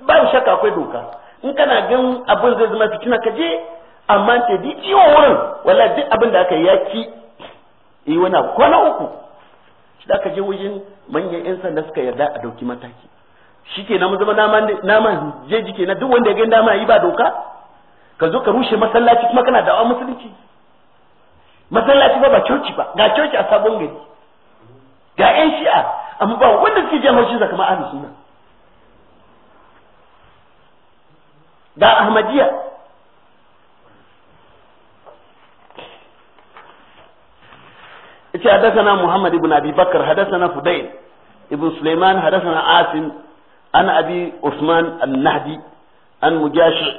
babu shakka akwai doka in kana gan abin zai zama fitina ka je amma ta bi ciwon wurin wala duk abin da aka yi ya ci yi eh, wani kwana uku shi da aka je wajen manyan yan sanda suka yarda a dauki mataki shi ke namu zama naman jeji ke na duk wanda ya gani dama yi ba doka ka zo ka rushe masallaci kuma kana da'awa musulunci masallaci ba ba coci ba ga coci a sabon gari ga yan shi'a amma ba wanda suke jama'a shi zaka ma'a sunan da ahmadiyya ce hadasana Muhammad ibn Abi Bakr hadasana Fudayl ibn Sulaiman hadasana Asim an Abi Usman al-Nahdi an Mujashi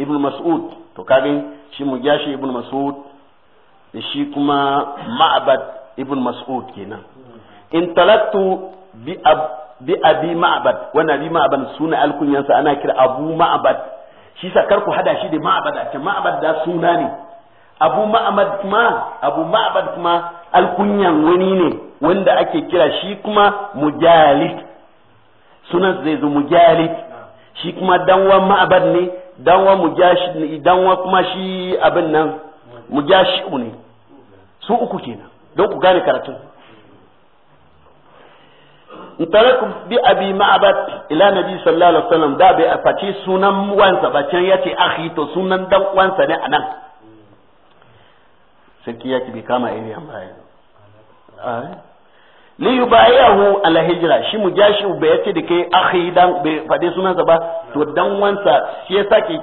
ibn Mas'ud to kage shi Mujashi ibn Mas'ud da shi kuma Ma'bad ibn Mas'ud kenan in talattu bi ab bi abi ma'bad wannan abi ma'bad suna alkunyansa ana kira abu ma'bad shi sa kar ku hada shi da ma'abada ta ma'abada suna ne abu ma'abad kuma abu ma'abad kuma alkunyan wani ne wanda ake kira shi kuma mujalit sunan zai zo mujalit shi kuma danwa ma'abad ne danwa mujashi danwa kuma shi abin nan mujashi ne su uku kenan don ku gane karatun ntarakum bi abi ma'bad ila nabi sallallahu alaihi wasallam da bai afaci sunan wansa ba can yace akhi to sunan dan wansa ne anan sarki ya ki bi kama iri an bayan ah, eh. li yubayahu ala hijra shi mujashi bai yace da kai akhi dan bai fade sunansa ba to dan wansa shi ya saki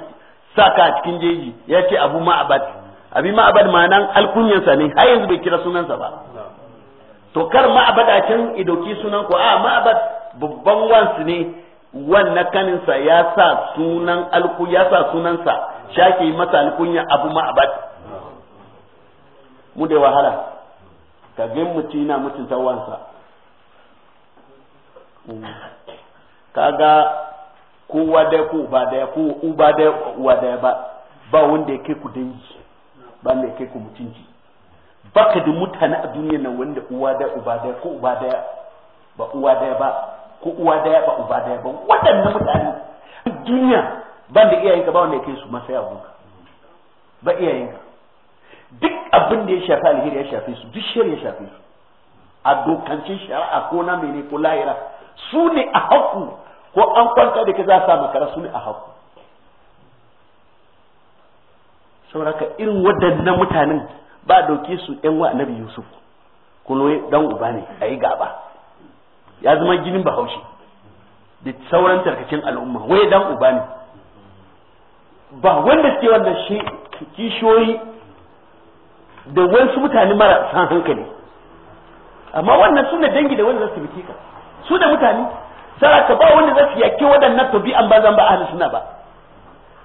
saka a cikin jeji yace abu ma'bad abi ma'bad ma nan alkunyansa ne har yanzu bai kira sunansa ba to kar ma'abadacin idoki sunan ku a ma'abad babban wansu ne wannan kaninsa ya sa sunan alku ya sa sunansa shake masa alkunya abu ma'abad mu da wahala ka ga mutum yana mutunta wansa kaga kowa daya ko ba da ko uba daya uwa daya ba ba wanda yake ku dangi ba wanda ya kai ku mutunci baka da mutane a duniya nan wanda uwa da uba da ko uba da ba uwa da ba ko uwa da ba uba da ba waɗannan mutane duniya ban da iyayenka ba wanda ya kai su masai abunka ba iyayenka duk abin da ya shafi alheri ya shafe su duk shari'a ya shafe su a dokancin shari'a ko na mene ko lahira su ne a haku ko an kwanta da ka za a sa makara su ne a haku sauraka irin waɗannan mutanen ba doki su yan wa annabi yusuf kuno dan uba ne a yi gaba ya zama ginin bahaushe da sauran tarkacin al'umma wai dan uba ne ba wanda suke wannan kishiyoyi da wasu mutane mara san hankali amma wannan sun dangi da wanda za su biki ka su da mutane ka ba wanda zasu su yake waɗannan tabi'an ba zan ba ahli suna ba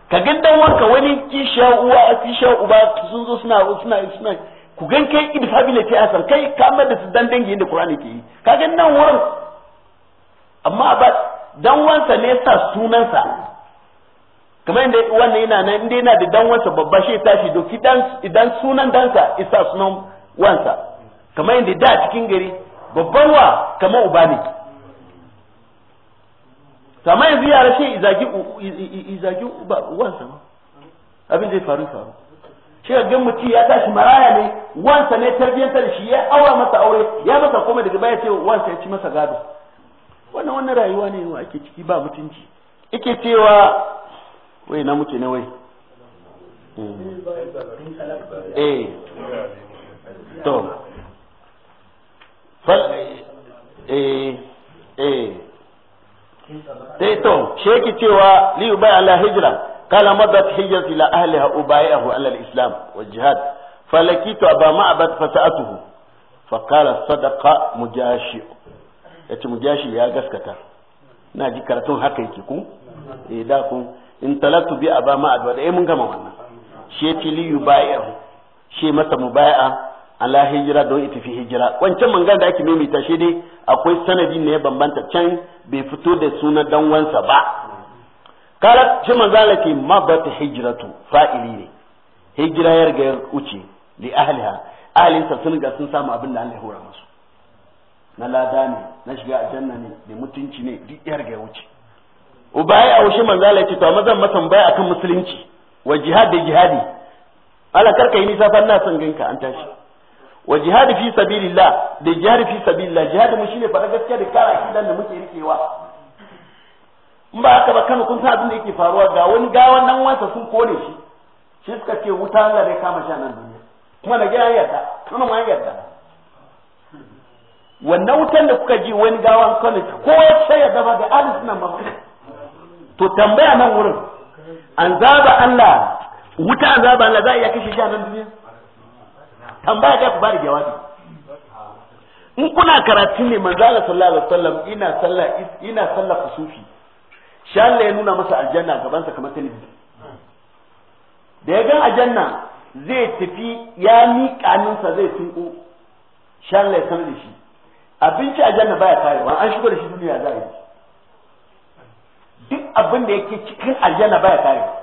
ka ga dan wanka wani kishiya uwa kisha uba sun zo suna suna suna ku gan kai idfabila ce asar kai ka amma da su dan dangi inda qur'ani ke yi ka ga nan wurin amma ba dan wansa ne sa sunansa kamar inda wannan yana nan inda yana da dan wansa babba shi tashi doki dan idan sunan dansa isa sunan wansa kamar inda da cikin gari babban wa kamar uba ne kamar yanzu yara ce izagi izagi wansa ma abin zai faru faru shi ga mutum ya tashi maraya ne wansa ne tarbiyyar da shi ya aura masa aure ya masa kuma daga baya ce wansa ya ci masa gado wannan wannan rayuwa ne wa ake ciki ba mutunci yake cewa wai na muke ne wai eh to Fa? eh eh sai eh to sheki cewa li bai ala hijra kala madat hijira ila ha ubai'ahu ala al-islam wa jihad falakitu aba ma'bad fasa'atuhu fa kala sadaqa mujashi yace mujashi ya gaskata na ji karatun haka yake ku eh da ku in talatu bi aba ma'bad da eh, mun gama wannan shi yace li ubai'ahu shi mata mubai'a ala hijira don ita fi hijira wancan mangan da ake maimaita shi dai akwai sanadi ne bambanta can bai fito da suna dan wansa ba kala shi ma ba ta hijiratu fa'ili ne hijira ya riga wuce li ahliha sa sun ga sun samu abin da Allah ya hura musu na lada ne na shiga aljanna ne da mutunci ne duk ya riga ya wuce ubayi a wushi manzala ce to amma zan masa akan musulunci wa jihad da jihadi ala karka yi nisa fa ina son ganka an tashi wa jihad fi sabilillah da jihad fi sabilillah jihad mu shine fara gaskiya da kara kidan da muke rikewa in ba haka ba kan kun san abin da yake faruwa ga wani ga nan wansa sun kone shi shi suka ce wuta Allah zai kama shi nan duniya kuma na gaya yarda kuma ma yarda wannan wutan da kuka ji wani gawan Kano ko ya ce yarda ba da ahli sunna ba to tambaya nan wurin an zaba Allah wuta an zaba Allah za a iya kashe shi nan duniya tambaya da ku bada jawabi in kuna karatu ne manzo Allah sallallahu alaihi wasallam ina sallah ina sallah kusufi sha Allah ya nuna masa aljanna gabansa kamar talibi da ya ga aljanna zai tafi ya miƙa ninsa zai tunko sha Allah ya sanar da shi abinci aljanna baya karewa an shigo da shi duniya za a yi duk abin da yake cikin aljanna baya karewa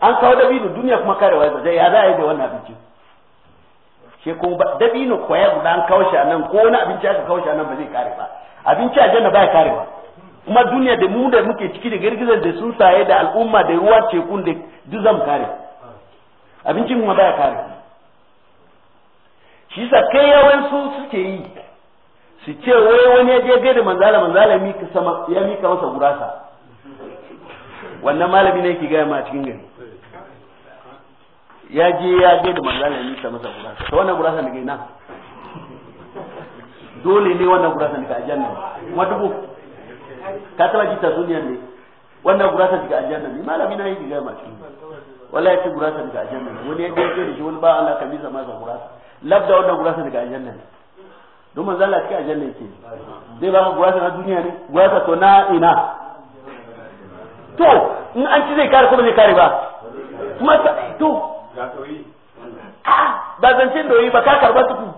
an kawo dabino duniya kuma karewa zai ya za a yi da wannan abincin ke ko ba dabino ya guda an kawo shi a nan ko wani abinci aka kawo shi a nan ba zai kare ba abinci a janna ba ya kare ba kuma duniya da mu da muke ciki da girgizar da tsuntsaye da al'umma da ruwa tekun da duk zan kare abincin kuma ya kare shi sa kai yawansu suke yi su ce wai wani ya je da manzala manzala ya mika masa gurasa wannan malami ne yake gaya ma cikin gari ya je ya je da manzala ya nisa masa gurasa ta wannan gurasa daga ina dole ne wannan gurasa daga aljanna kuma dubu ka taba ji ta ne wannan gurasa daga aljanna ne malami na yi diga ma shi wala ya ce gurasa daga aljanna ne wani ya je da shi wani ba Allah ka bisa masa gurasa labda wannan gurasa daga aljanna ne don manzala cikin aljanna yake zai ba ka gurasa na duniya ne gurasa to na ina to in an ci zai kare kuma zai kare ba kuma to ba zancen doyi ba ka karba tuku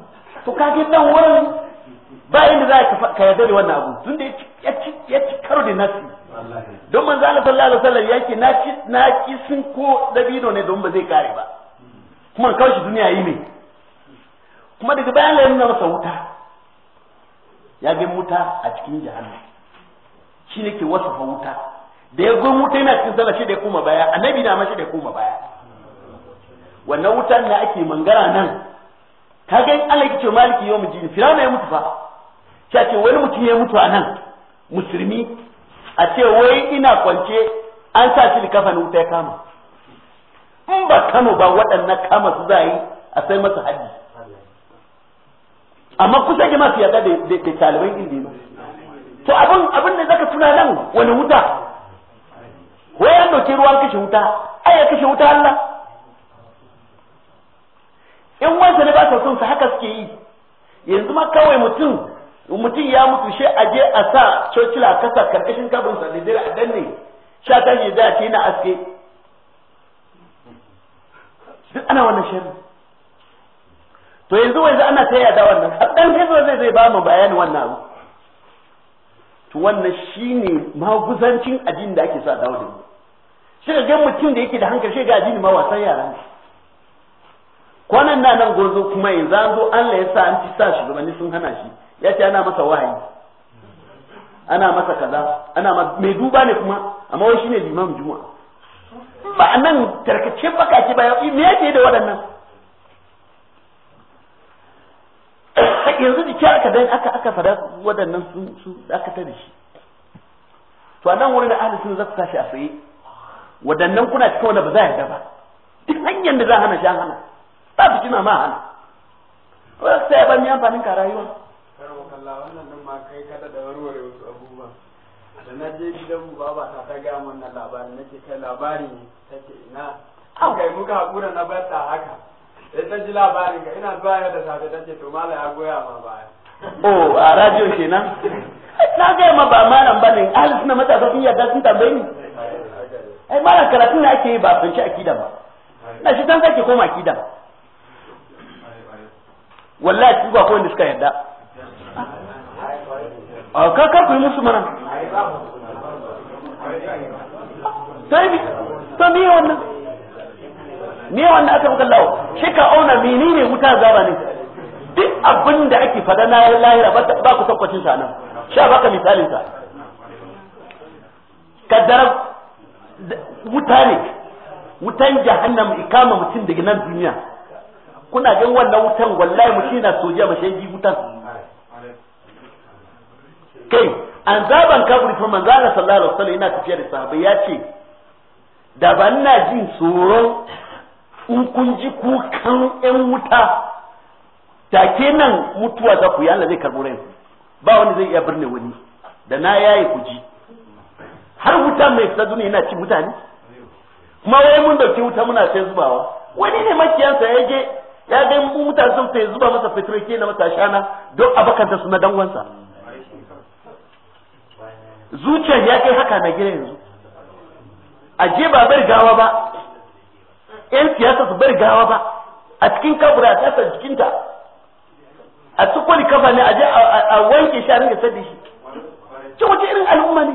to ka ga nan wurin ba inda za ka yarda da wannan abu tunda ya ci karo da nasi don manzo Allah sallallahu alaihi wasallam yake na ci na ki sun ko dabino ne don ba zai kare ba kuma ka shi duniya yi ne kuma daga bayan ya rasa masa wuta ya ga wuta a cikin jahannam shi ne ke wasafa wuta da ya ga wuta yana cikin sallah shi da ya koma baya annabi na mashi da ya koma baya wannan wutan da ake mangara nan ka ga in Allah yake maliki yau mujin firama ya mutu fa sai ce wani mutum ya mutu anan? musulmi a ce wai ina kwance an sa shi kafan wuta ya kama in ba kano ba waɗannan kama su za yi a sai masa haji amma kusa jama'a su yarda da inda ba? to abin abin da zaka tuna nan wani wuta wai an dauki ruwan kashe wuta ai ya kashe wuta Allah in wansa ne ba sa son su haka suke yi yanzu ma kawai mutum mutum ya mutu shi a je a sa cocila a kasa karkashin kabin sa da dare a danne sha ta ne da ke na aske duk ana wannan shirin to yanzu wanzu ana ta yada wannan har dan sai zai zai ba mu bayani wannan abu to wannan shine maguzancin addini da ake sa dawo da shi ga mutum da yake da hankali shi ga addini ma wasan yara ne kwanan na nan gozo kuma yanzu an zo Allah ya sa an ci sa shugabanni sun hana shi ya ce ana masa wahayi ana masa kaza ana mai duba ne kuma amma wai shine limamin juma'a ba nan tarkace bakake ba me yake da waɗannan yanzu jiki aka dan aka aka fada waɗannan su su aka tare shi to a nan wurin ahli sun zaka tashi a tsaye waɗannan kuna cikin wanda ba za yarda ba duk hanyar da za hana shi an hana ba fitina ma hana ba sai ban yi amfanin ka rayuwa karwa kalla wannan din ma kai kada da warware wasu abubuwa da na je gidan mu baba ta ta ga mun nan labarin nake kai labari ne take ina an kai muka hakura na barta haka sai ta ji labarin ka ina zuwa yau da ta take to mala ya goya ma baya oh a radio kenan na ga ma ba malam bane alis na matasa sun yarda sun tambaye ni ai malam karatu ne ake yi ba bincike akida ba na shi dan sake koma akida wallahi su ba wanda suka yarda ah, a kakar ku yi musu mana sai to me wannan me wannan aka muka lawo shi ka auna menene wuta zaba ne duk abin da ake fada na lahira ba ku tabbacin sa nan sha baka misalin sa kaddara wuta ne wutan jahannam ikama mutum daga nan duniya kuna gan wannan wutan wallahi mu shina soja ba shan wutan kai an zaban kaburi fa manzo Allah sallallahu alaihi wasallam yana tafiya da sahabbai ya ce da ba ina jin tsoro in kun ji kukan yan wuta take nan mutuwa za ku yi zai karbo rai ba wani zai iya birne wani da na yayi ku ji har wuta mai fita duniya yana ci mutane kuma wai mun dauki wuta muna sai zubawa wani ne makiyansa ya je ya ga mu mutane sun sai zuba masa fitir ke na masa shana don abakanta su na danwansa zuciyar ya kai haka na gina yanzu a je ba bar gawa ba yan siyasa su bar gawa ba a cikin kabura a tasar jikinta a cikin kafa ne a je a wanke shi a sadi shi ce irin al'umma ne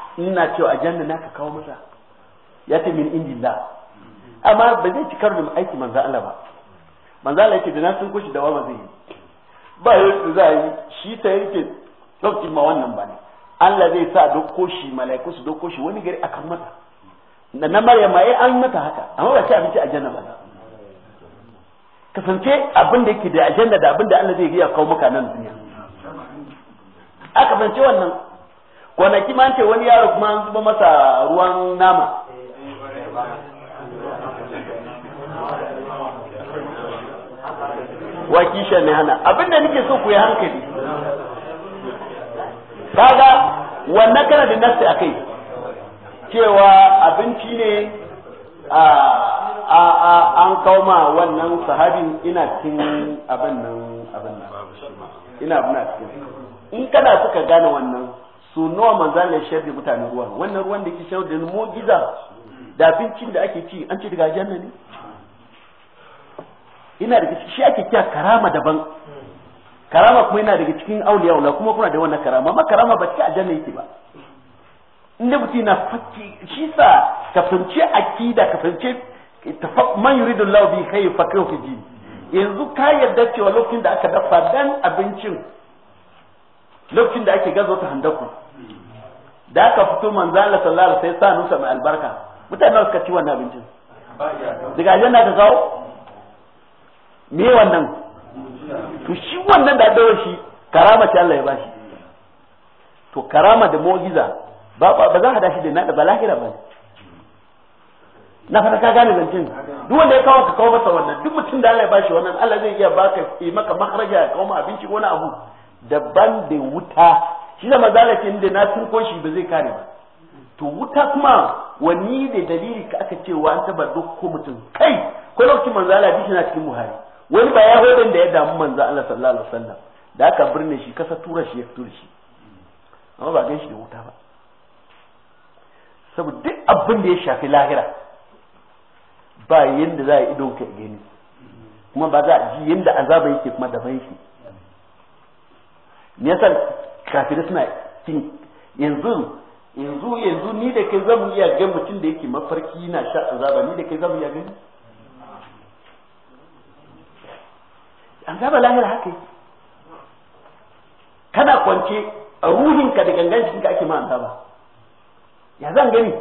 ina cewa janna na ka kawo masa ya ta min indi la amma ba zai ci karo da aiki manzo Allah ba manzo Allah yake da na sun kushi da wama zai yi ba yau za yi shi ta yake lokacin ma wannan ba ne Allah zai sa dokko koshi mala'iku su dokko koshi wani gari akan mata da na Maryam ai eh, an mata haka amma ba ta abinci a janna ba kasance abin da yake da ajanda da abin da Allah zai yi ya kawo maka nan duniya aka fahimci wannan kwanaki ma ce wani yaro kuma an zuba masa ruwan nama waki ne hana abinda nake so ku yi hankali kaga wannan kana da nasi a kai cewa abinci ne a an kauma wannan sahabin ina cikin abin nan abin nan ina abin cikin in kana suka gane wannan Su nawa manzan ya shayar da mutane ruwa. wannan ruwan da ke shayar da gida. da abincin da ake ci an ci daga janna ne ina daga cikin shi ake kira karama daban karama kuma yana daga cikin auliya wala kuma kuna da wannan karama amma karama ba cikin janna yake ba inda mutum na fakki shi sa ka fahimci akida ka fahimci man yuridu Allah bi kai fakiru fi din yanzu ka yarda cewa lokacin da aka dafa dan abincin lokacin da ake gazo ta handakun da aka fito manzo Allah sallallahu alaihi wasallam sai sa nusa mai albarka mutane suka ci wannan abincin daga aljanna ka kawo me wannan to shi wannan da dawo shi karama ce Allah ya bashi to karama da mu'jiza ba ba za a hada shi da na da balahira ba na fata ka gane zancen duk wanda ya kawo ka kawo masa wannan duk mutum da Allah ya bashi wannan Allah zai iya baka yi maka makaraja ya kawo abinci ko wani abu daban da wuta shi na mazalacin da na sun shi ba zai kare ba to wuta kuma wani da dalili ka aka cewa an taba ko mutum kai ko lokacin manzo Allah dishi na cikin buhari wani ba ya yahudan da ya damu manzo Allah sallallahu alaihi wasallam da aka birne shi kasa tura shi ya tura shi amma ba ganshi da wuta ba saboda duk abin da ya shafi lahira ba yanda za a ido ka gani kuma ba za a ji yanda azaba yake kuma da ban shi me yasa kafirai suna cin yanzu yanzu yanzu ni da kai zamu iya ga mutum da yake mafarki na sha azaba ni da kai zamu iya gani azaba lahira haka kana kwance a ruhinka da gangan ka ake ma azaba ya zan gani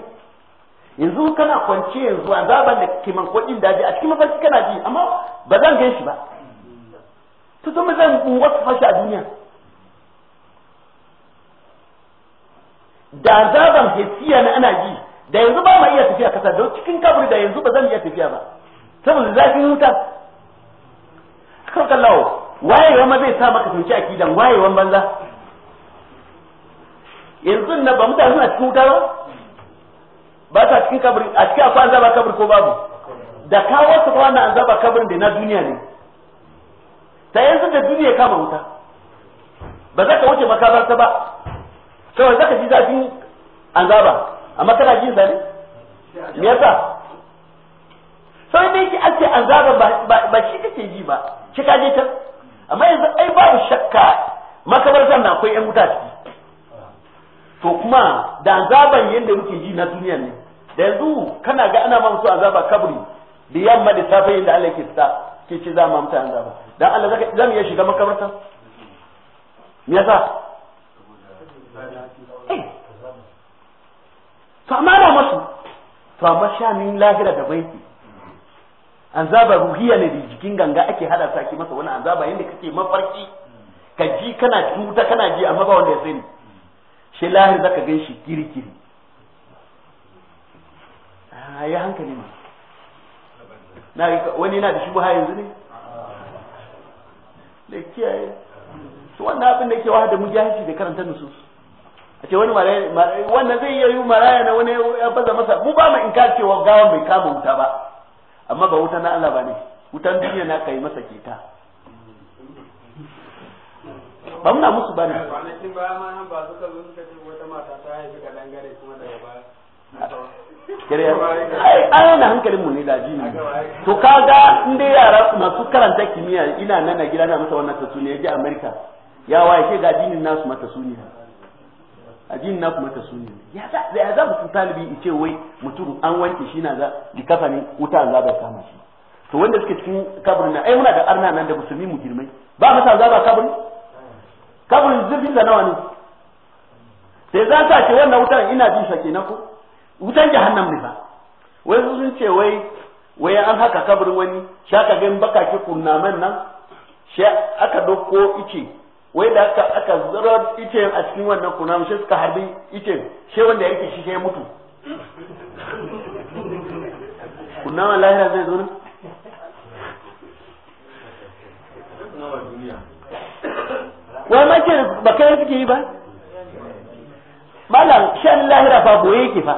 yanzu kana kwance yanzu azaban da kiman kwadin da a cikin mafarki kana ji amma ba zan gan shi ba to zama zan wasu fashi a duniya da azaban hesiya na ana ji da yanzu ba ma iya tafiya kasa don cikin kaburi da yanzu ba zan iya tafiya ba saboda zafin wuta kan kallawo wayewa ma zai sa maka sauki akidan wayewan banza yanzu na ba mutane suna cikin wuta ba ba sa cikin kaburi a cikin akwai azaba kaburi ko babu da kawo su fa na azaba kaburin da na duniya ne ta yanzu da duniya kama wuta ba za ka wuce makabarta ba kawai zaka ji zafin azaba amma kana jin zane ne me yasa sai dai ki ake azaba ba shi kake ji ba shi ka je ta amma yanzu ai babu shakka zan na akwai yan wuta ciki to kuma da azaban yanda muke ji na duniya ne da yanzu kana ga ana mamsu musu azaba kabri da yamma da safe yanda Allah yake fita ke ci za mu mutane azaba dan Allah zaka zamu iya shiga makabarta me yasa Eh. to da masu fama sha min lahira da baiki zaba ruhiya ne da jikin ganga ake hada saki masa wani zaba yanda kake mafarki ka ji kana tuta kana ji amma ba wanda ya sani shi lahir zaka gan shi girgiri a ah, yi hankali ma wani yana da shubuha yanzu ne da kiyaye su wannan abin da ke wahada mujahidi da karanta nusus a ce wani maraya wannan zai iya yi maraya na wani ya baza masa mu ba mu in cewa gawan bai kama wuta ba amma ba wuta na Allah ba ne wutan duniya na kai masa kita ba muna musu ba ne kwanakin baya ma ba suka zo suka ce wata mata ta haifi ka dangare kuma daga baya ai ana hankalin mu ne da jini to kaga in dai yara masu karanta kimiyya ina nan na gida na masa wannan tasuniya ya je America ya waye ke ga jinin nasu mata suniya ajin na kuma ta sunni ya za ku talibi in ce wai mutum an wanke shi na za likafa ne wuta an zaba kama shi to wanda suke cikin kabrin na ai muna da arna nan da musulmi mu girmai ba mu ta zaba kabrin kabrin zubin da nawa ne sai za ta ce wannan wutan ina jin shake kenan ko wutan jahannam ne fa wai sun ce wai wai an haka kabrin wani shaka gan baka ki kunnaman nan shi aka dauko ice wai da aka aka zura icen a cikin wannan kuna shi suka harbi icen shi wanda yake shi sai mutu kunama lahira zai zo wai ce ba kai suke yi ba malam shan lahira fa boye yake fa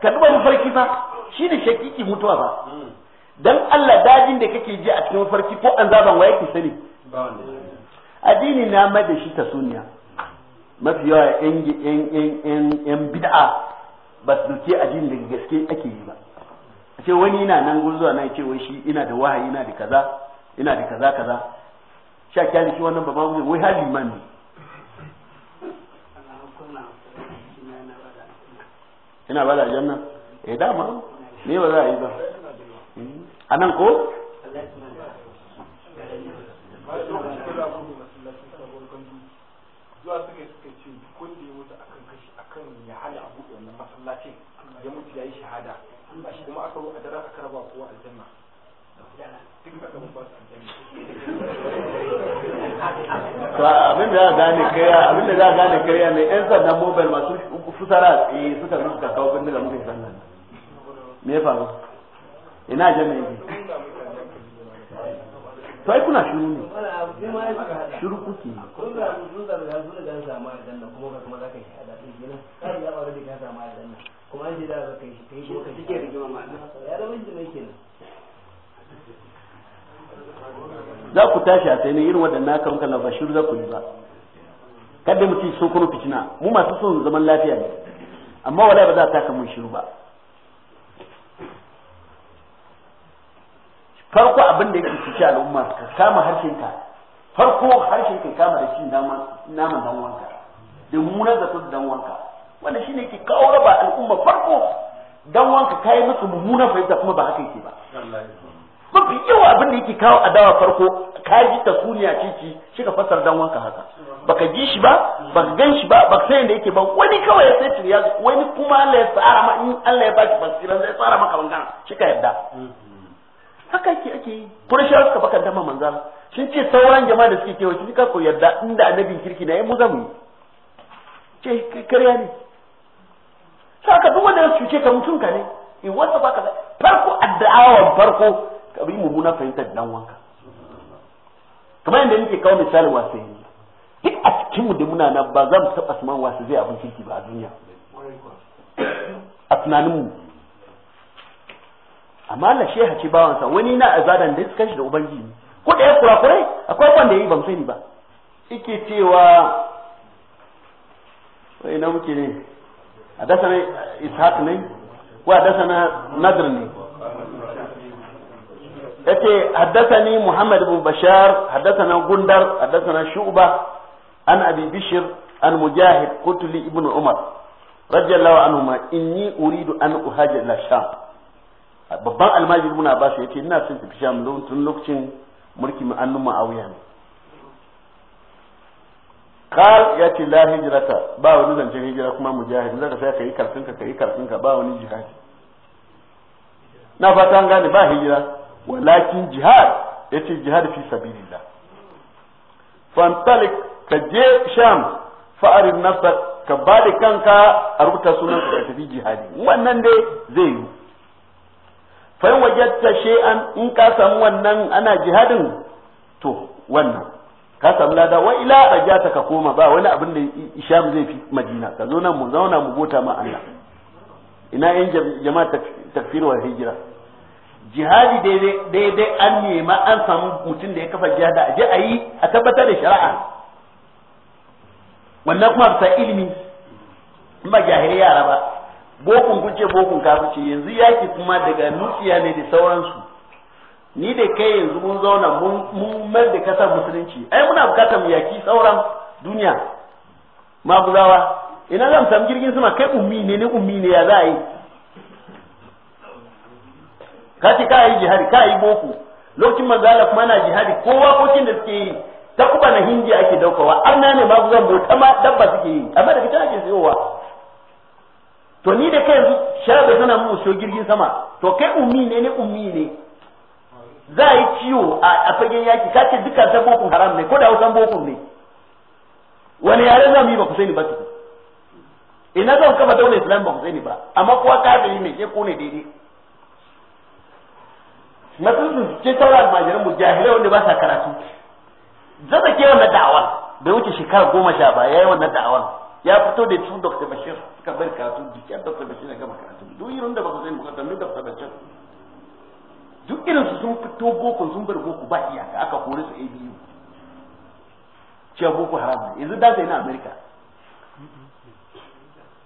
ka duba mafarki fa shi ne shakiki mutuwa ba dan Allah dajin da kake ji a cikin farki ko an zaban waye ke sani addini na mai da shi ta suniya. mafi yawa yan yan yan yan bid'a ba su doke addini da gaske ake yi ba ce wani ina nan gun zuwa nan ce wai shi ina da wahayi ina da kaza ina da kaza kaza sha kyali shi wannan babban mu wai hali man ne ina bada janna eh dama me ba za a yi ba hmm? a nan ko zuwa suka suka ce kun da ya mutu akan kashi akan ya abu da wannan masallacin ya mutu shahada kuma aka a aka raba kowa aljanna duk ba su aljanna abin da za a gane kariya abin da za a gane kariya ne yan sandan mobile masu fusara tsaye eh, suka sannan me ya faru ina jami'a ne to ai kuna shiru ne shiru kuke za ku tashi a sai ne irin waɗannan kan kallon ba za ku yi ba kada mu ci so kuma fitina mu masu son zaman lafiya ne amma wala ba za a taka mun shiru ba farko abin da yake cikin al'umma ka kama harshenka farko harshen ka kama da shi naman dan wanka da muna da da dan wanka wanda shine yake kawo raba al'umma farko dan wanka kai musu mummuna fahimta kuma ba haka yake ba mafi yawa abin da yake kawo adawa farko ka ji ta suniya cici shi ka fasar dan wanka haka baka ji shi ba baka gan shi ba baka san da yake ba wani kawai ya sai ya wani kuma Allah ya tsara ma in Allah ya baki basiran zai tsara maka bangana shi ka yarda mm. haka ke ake yi kurashi suka baka dama manzala sun ce sauran jama'a da suke kewa shi ka ko yarda inda annabin kirki na ya eh, mu zamu ce karya ne saka duk wanda su ce ka mutun ka ne in eh, wasa baka da farko addu'a farko ka bi mu muna fahimtar dan wanka kamar yadda nake kawo misalin wasu yi duk a cikin mu da muna nan ba za mu taba asman wasu zai abin kirki ba a duniya a tunanin mu amma Allah shi haci bawansa wani na azadan da suka shi da ubangiji ko da ya kurakurai akwai wanda yi ban sani ba yake cewa wai na muke ne a dasa ne ishaq ne ko a dasa na nadr ne yace haddathani muhammad ibn bashar na gundar na shu'ba an abi bishr an mujahid qutli ibn umar radiyallahu ma inni uridu an uhaja ila sham babban almajiri muna ba su yace ina son tafi sha tun lokacin mulkin annu ma'awiya ne kal ya ce la hijrata ba wani zancen hijira kuma mujahid zaka sai kai karfinka kai karfinka ba wani jihadi na fata an gane ba hijira walakin jihad yace jihad fi sabilillah fantalik ka je sham fa'arin nafsak ka bada kanka a rubuta sunan ka tafi jihadi wannan dai zai yi wajen wajadta shay'an in ka samu wannan ana jihadin to wannan ka samu lada wa ila rajata ka koma ba wani abin da isham zai fi madina ka zo nan mu zauna mu gota ma Allah ina yin jama'a takfir wa hijira jihadi daidai an nema an samu mutum da ya kafa jihada a je a a tabbatar da shari'a wannan kuma bisa ilimi ba jahiliya yara ba bokun kunce bokun kafirci yanzu yaki kuma daga nukiya ne da sauransu ni da kai yanzu mun zauna mun mai da kasar musulunci ai muna bukatar mu yaki sauran duniya maguzawa ina zan samu jirgin sama kai ummi ne ne ummi ne ya za a yi ka ce ka yi jihadi ka yi boko lokacin manzala kuma jihadi kowa kokin da suke yi ta kuba na hindi ake daukawa amma ne maguzan bota ma dabba suke yi amma daga can ake siyowa to ni da kai yanzu sharabe tana mu so jirgin sama to kai ummi ne ne ummi ne za a yi ciwo a fagen yaki ka ce dukkan san bokun haram ne ko da hausan bokun ne wani yare za mu yi ba ku sani ba su ina zan kafa daular islam ba ku sani ba amma kowa kafiri ne ke kone daidai matsin ce sauran almajiran mu jahilai wanda ba sa karatu zata ke wannan da'awar bai wuce shekara goma sha ba yayi wannan da'awar ya fito da su Dr. Bashir suka bar karatu jikin Dr. Bashir ya gama karatu duk irin da ba ku sani ba tambayi Dr. Bashir duk irin su sun fito boko sun bar boko ba iyaka aka kore su ABU cewa boko haram ne yanzu da sai na America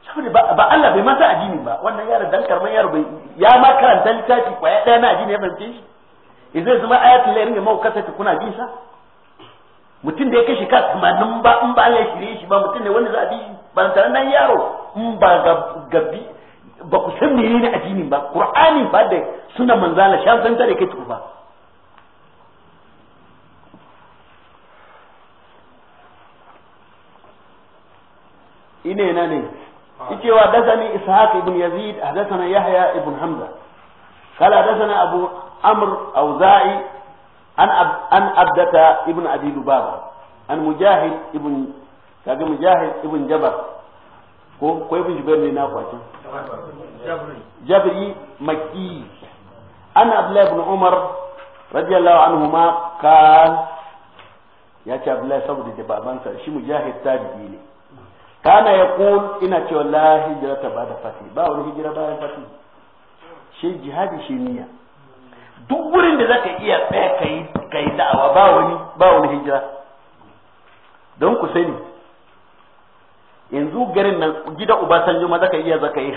saboda ba Allah bai masa addini ba wannan yara dan karman yaro bai ya ma karanta littafi kwaya daya na addini ya fahimce shi yanzu zama ayatul lahi ringa mau kasata kuna bisa mutum da ya kashe ka nan ba in ba Allah ya shirye shi ba mutum ne wanda za a bi ba tare nan yaro in ba gabi ba ku san menene addinin ba qur'ani ba da suna manzala shan san tare kai tufa ine na ne ah. yake wa dasani ishaq ibn yazid hadathana yahya ibn hamza قال حدثنا abu amr auza'i an an abdata ibn abi lubaba an mujahid ibn kaga mujahid ibn jabar ko ko ibn jubair ne na kwaci jabri makki an abdullah ibn umar radiyallahu anhuma kan ya ce abdullah saboda da shi mujahid tabi'i ne kana kun ina cewa la ta ba da fati ba wani hijira bayan fati shi jihadi shi niyya duk wurin da zaka iya tsaya kai kai da'awa ba wani ba wani hijira don ku sani yanzu garin nan gida san ma zaka iya zaka yi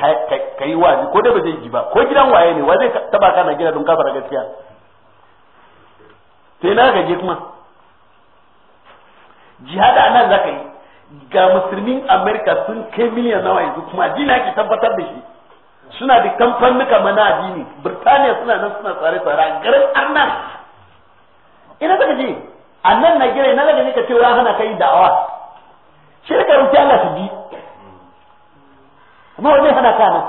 kai wazi ko da ba zai ji ba ko gidan waye ne wa zai taba kana gida don kafara gaskiya sai na gaje kuma jihada nan zaka yi ga musulmin america sun kai miliyan nawa yanzu kuma dina ki tabbatar da shi suna da kamfanuka mana addini birtaniya suna nan suna tsare-tsare a garin arnan ina zaka je a nan na gire na zaka ka ce wa hana kai da'awa shi da karuci Allah su bi amma wani hana ka nan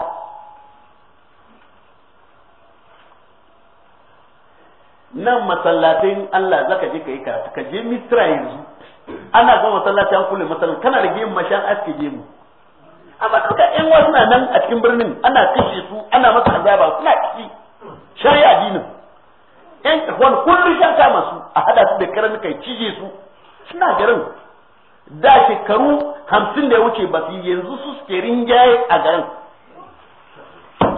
nan masallatin Allah zaka je ka yi karatu ka je misra yanzu ana zama masallaci an kulle kana da gemu mashan aske gemu amma duka ƴan wasu na nan a cikin birnin ana kashe su ana masa azaba suna ciki shari'a addinin ƴan ikhwan kullum shan kama su a hada su da karan kai cije su suna garin da shekaru hamsin da ya wuce ba su yanzu su suke rinjaye a garin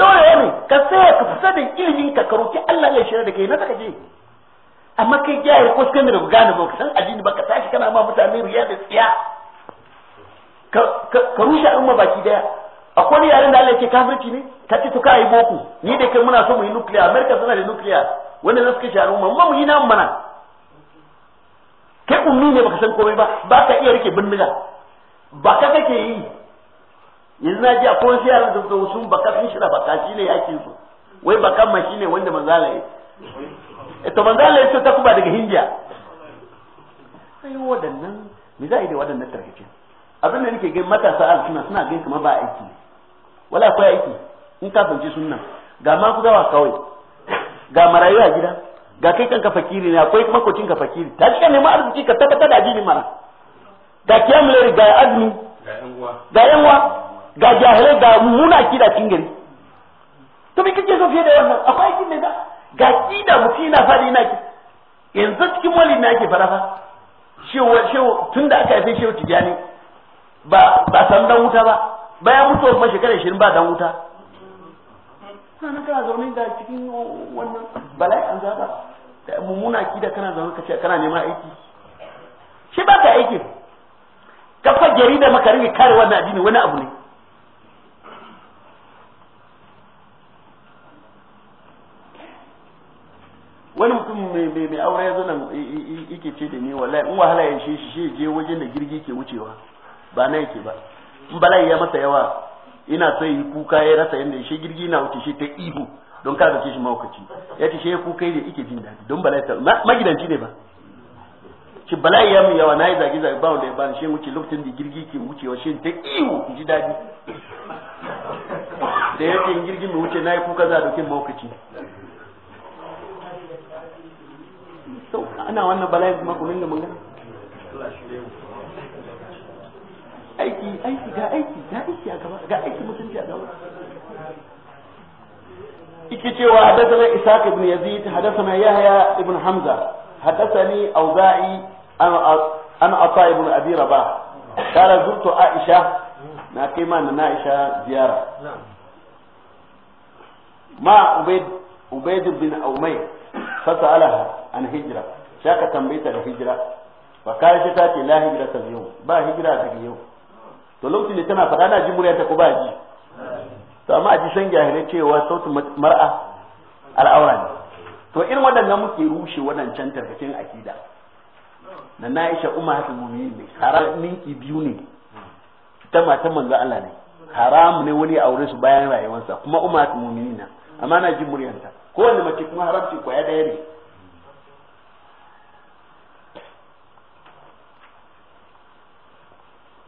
dole ne ka saya ka fita da ilimin ka Allah ya shirya da kai na saka je amma kai jahil ko da gane ba ka san addini ba ka tashi kana ma mutane riya da tsiya ka rushe al'umma baki daya akwai wani yaren da Allah yake kafirci ne ka ce to ka yi boko ni da kai muna so mu yi nuclear America suna da nuclear wanda za su kashe al'umma mu mu yi namu mana kai ummi ne baka san komai ba ba ka iya rike bindiga ba ka kake yi yanzu na ji akwai wasu yaran da su wasu baka sun shira baka shi ne yakin su wai baka ma shi ne wanda manzala ya to manzala ya ce ta kuma daga hindiya Ai waɗannan me za a yi da waɗannan tarkacin abin da nake gani matasa al suna suna gani kamar ba aiki wala akwai aiki in ka fahimci sunna ga ma dawa kawai ga marayu a gida ga kai kanka fakiri ne akwai makocin ka fakiri ta cika neman arziki ka tabbatar da addini mara ga kiyamulari ga azumi ga yanwa ga jahilai ga muna kida cikin gari to me kike so fiye da wannan akwai aiki ne da ga kida mutum yana fadi yana yanzu cikin wali na ake fara fa shewa shewa tunda aka haife shewa tijani ba ba san dan wuta ba bayan mutuwar ma shekarar 20 ba dan wuta kana kana zaune da cikin wannan bala'i an zaba da mummuna akida kana zaune ka ce kana neman aiki shi ba ka aiki kafa jarida maka ringe kare wannan addini wani abu ne wani mutum mai aure ya zo nan yake ce da ni wallahi in wahala ya shi shi je wajen da girgi ke wucewa ba na yake ba in bala'i ya masa yawa ina so yi kuka ya rasa yanda shi girgi na wuce shi ta ihu don ka ke shi maukaci ya ce shi ya kuka ne ike jin daɗi don bala'i magidanci ne ba shi bala ya mun yawa na yi zage zage ba wanda ya bani shi wuce lokacin da girgi ke wucewa shi ta ihu ji dadi da ya ce girgi mai wuce na yi kuka za a dauke maukaci ana wannan bala'i kuma kuma inda mun aiki aiki ga aiki ga aiki a gaba ga aiki mutunci a gaba ike cewa hadathana isaq ibn yazid hadathana yahya ibn hamza hadathani auza'i an ata ibn abi rabah qala zurtu aisha na kai ma na aisha ziyara ma ubayd ubayd bin umayr fasalaha an hijira shaka tambayta da hijra fa shi ta ce la hijra ta yau ba hijra daga yau to lokacin da tana faɗa na ji muryarta ko ba ji to amma a ji san jahilai cewa sautin mar'a al'aura ne to irin waɗannan muke rushe waɗancan tarkacin akida na na isha ummatul mu'minin ne haram ninki biyu ne ta matan manzo Allah ne haram ne wani aure su bayan rayuwarsa kuma umma ummatul mu'minin amma na ji muryarta kowanne mace kuma haramci kwaya ɗaya ne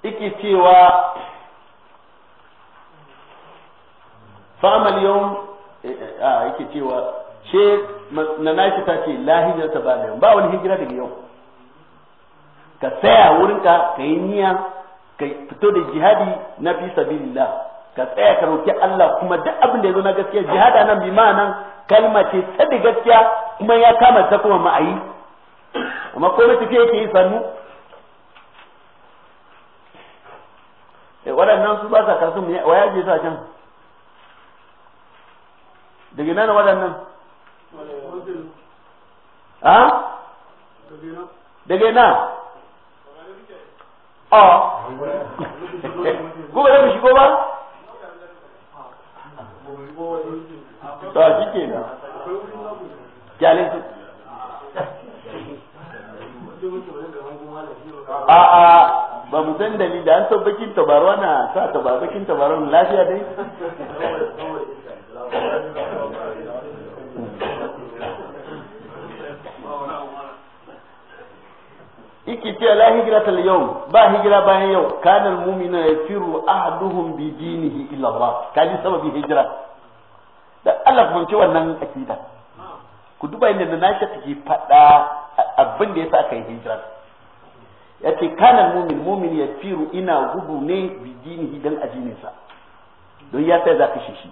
yake cewa fa'amal yau eh, eh, a ah, yake cewa ce na nashi ta ce lahijar ta ba da yau ba wani hijira daga yau ka tsaya wurinka ka yi niyya ka fito da jihadi na fi sabilillah ka tsaya ka roƙi Allah kuma duk abin da ya zo na gaskiya jihada nan bi ma'anan kalma ce ta da gaskiya kuma ya kama ta kuma ma'ayi amma ko tafiya yake yi sannu Eh, waɗannan su ba sa karatu mu wa ya je can daga nan waɗannan ha daga nan a gobe da shigo ba to a shike na kyalin su a a ba mu san dalili da an san bakin tabarwa na sa ta ba bakin tabarwa lafiya dai iki ce la hijira al yau ba hijira bayan yau kana al mu'minu yafiru ahaduhum bi dinihi illa Allah kaji sababi hijira da Allah mun ci wannan akida ku duba inda na shi take fada abin da yasa kai hijira ce kana mumin mumin yafiru ina gudu ne bi hidan dan addininsa don ya sa za ka shi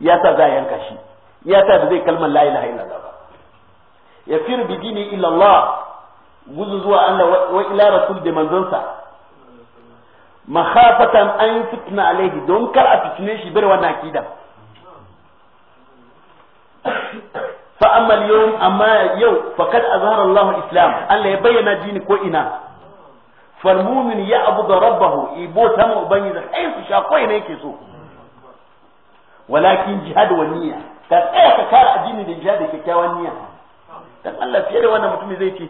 ya sa za yanka shi ya sa zai kalmar la ilaha illallah ba yafiru bi dini illallah gudu zuwa Allah wa ila rasul da manzonsa makhafatan an fitna alaihi don kar a fitne shi bar wannan akidan fa amma yau amma yau faqad azhara Allahu islam Allah ya bayyana dini ko ina فالمؤمن ya abu da rabbahu ibo ta mu ubangiji sai سو sha جهاد ne yake so walakin jihad wa niyya ka tsaya ka الله da kyakkyawan niyya Allah da wannan mutum zai ce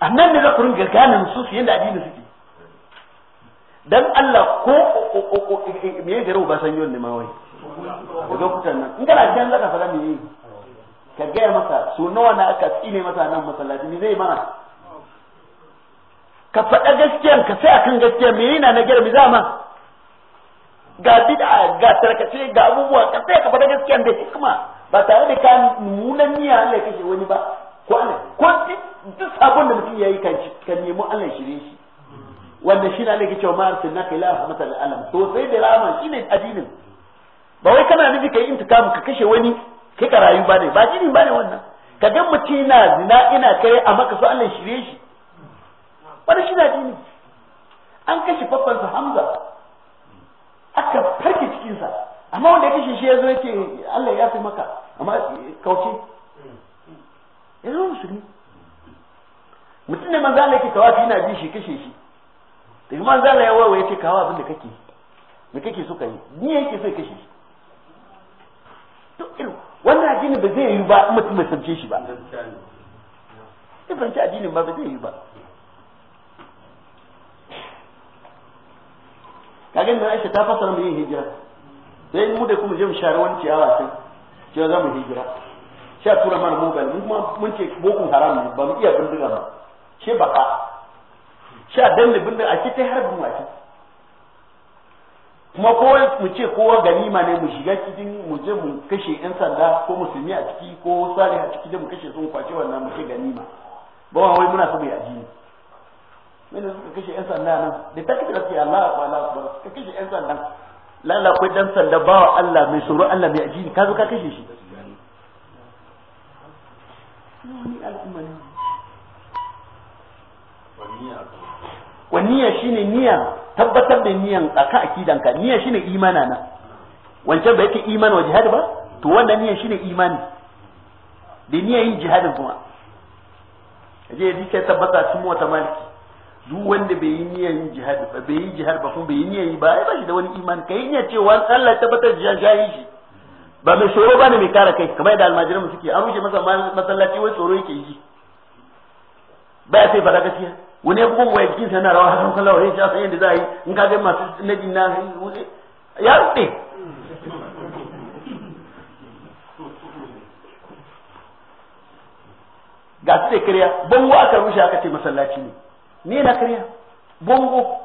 annan ne su yanda suke dan Allah ko me yake rubu ba san yau ne ma wai daga kutan nan in kana jan zaka fara me ka gaya masa so nawa na aka tsine masa nan masallaci me zai mana ka faɗa gaskiyar ka sai akan gaskiya me yana na girmi zama ga bid'a ga tarkace ga abubuwa ka sai ka faɗa gaskiya, da kuma ba tare da ka munan niyya Allah ya kashe wani ba ko Allah ko duk sabon da mutum yayi kan kan nemi Allah shirye shi wanda shi ne Allah ya cewa ma arsalnaka kai rahmatal masa alamin to sai da shi shine addinin ba wai kana nufi kai intikam ka kashe wani kai ka rayu ba ne ba kini ba ne wannan ka ga mutum na zina ina kai a maka so Allah shirye shi wani shi dini an kashe fafansa hamza aka farke cikinsa amma wanda ya kashe shi ya zo ya allah ya fi maka amma kauce ya zo musulmi mutum ne manzo Allah yake kawa fi na bi shi kashe shi daga manzo Allah ya wawaye ce kawa abin da kake me kake so yi. ni yake so kashe shi to irin wannan addini ba zai yi ba mutum bai sance shi ba. Ibn a addinin ba ba zai yi ba. kaga da Aisha ta fasara mu yin hijira sai mu da kuma je mu share wani ciyawa can cewa za mu hijira a tura mana mobile mun kuma mun ce bokun haram ne ba mu iya bindiga ba she baka a. danne bindiga a kitai ta harbin wace kuma ko mu ce kowa ganima ne mu shiga cikin mu je mu kashe yan sanda ko musulmi a ciki ko salih a ciki da mu kashe sun kwace wannan mu ce ganima ba wai muna so mu yaji ne. wanda suka kashe yan sanda nan da ta kira ce Allah akbar Allah akbar ka kashe yan sanda lalla akwai dan sanda bawa Allah mai tsoro Allah mai ajiri ka zo ka kashe shi wa niyya shine niyya tabbatar da niyyan tsaka akidanka niyya shine imana na wancan ba yake iman wa jihad ba to wannan niyya shine imani da niyya yin jihadin kuma je yi ke tabbata cikin wata maliki duk wanda bai yi niyyar yin jihad ba bai yi jihad ba kuma bai yi niyyar yi ba ai ba shi da wani iman kai niyyar cewa Allah tabbatar ya yi shi ba mai tsoro ba ne mai kare kai kamar yadda almajiran suke an rushe masa masallaci wai tsoro yake yi ba ya sai fada gaskiya wani ya kuma waya jikinsa yana rawa hakan kallon wani eh, ya san da za a yi in ka ga masu naji na ya rufe ga su da kariya bango aka rushe aka ce masallaci ne me na kariya bongo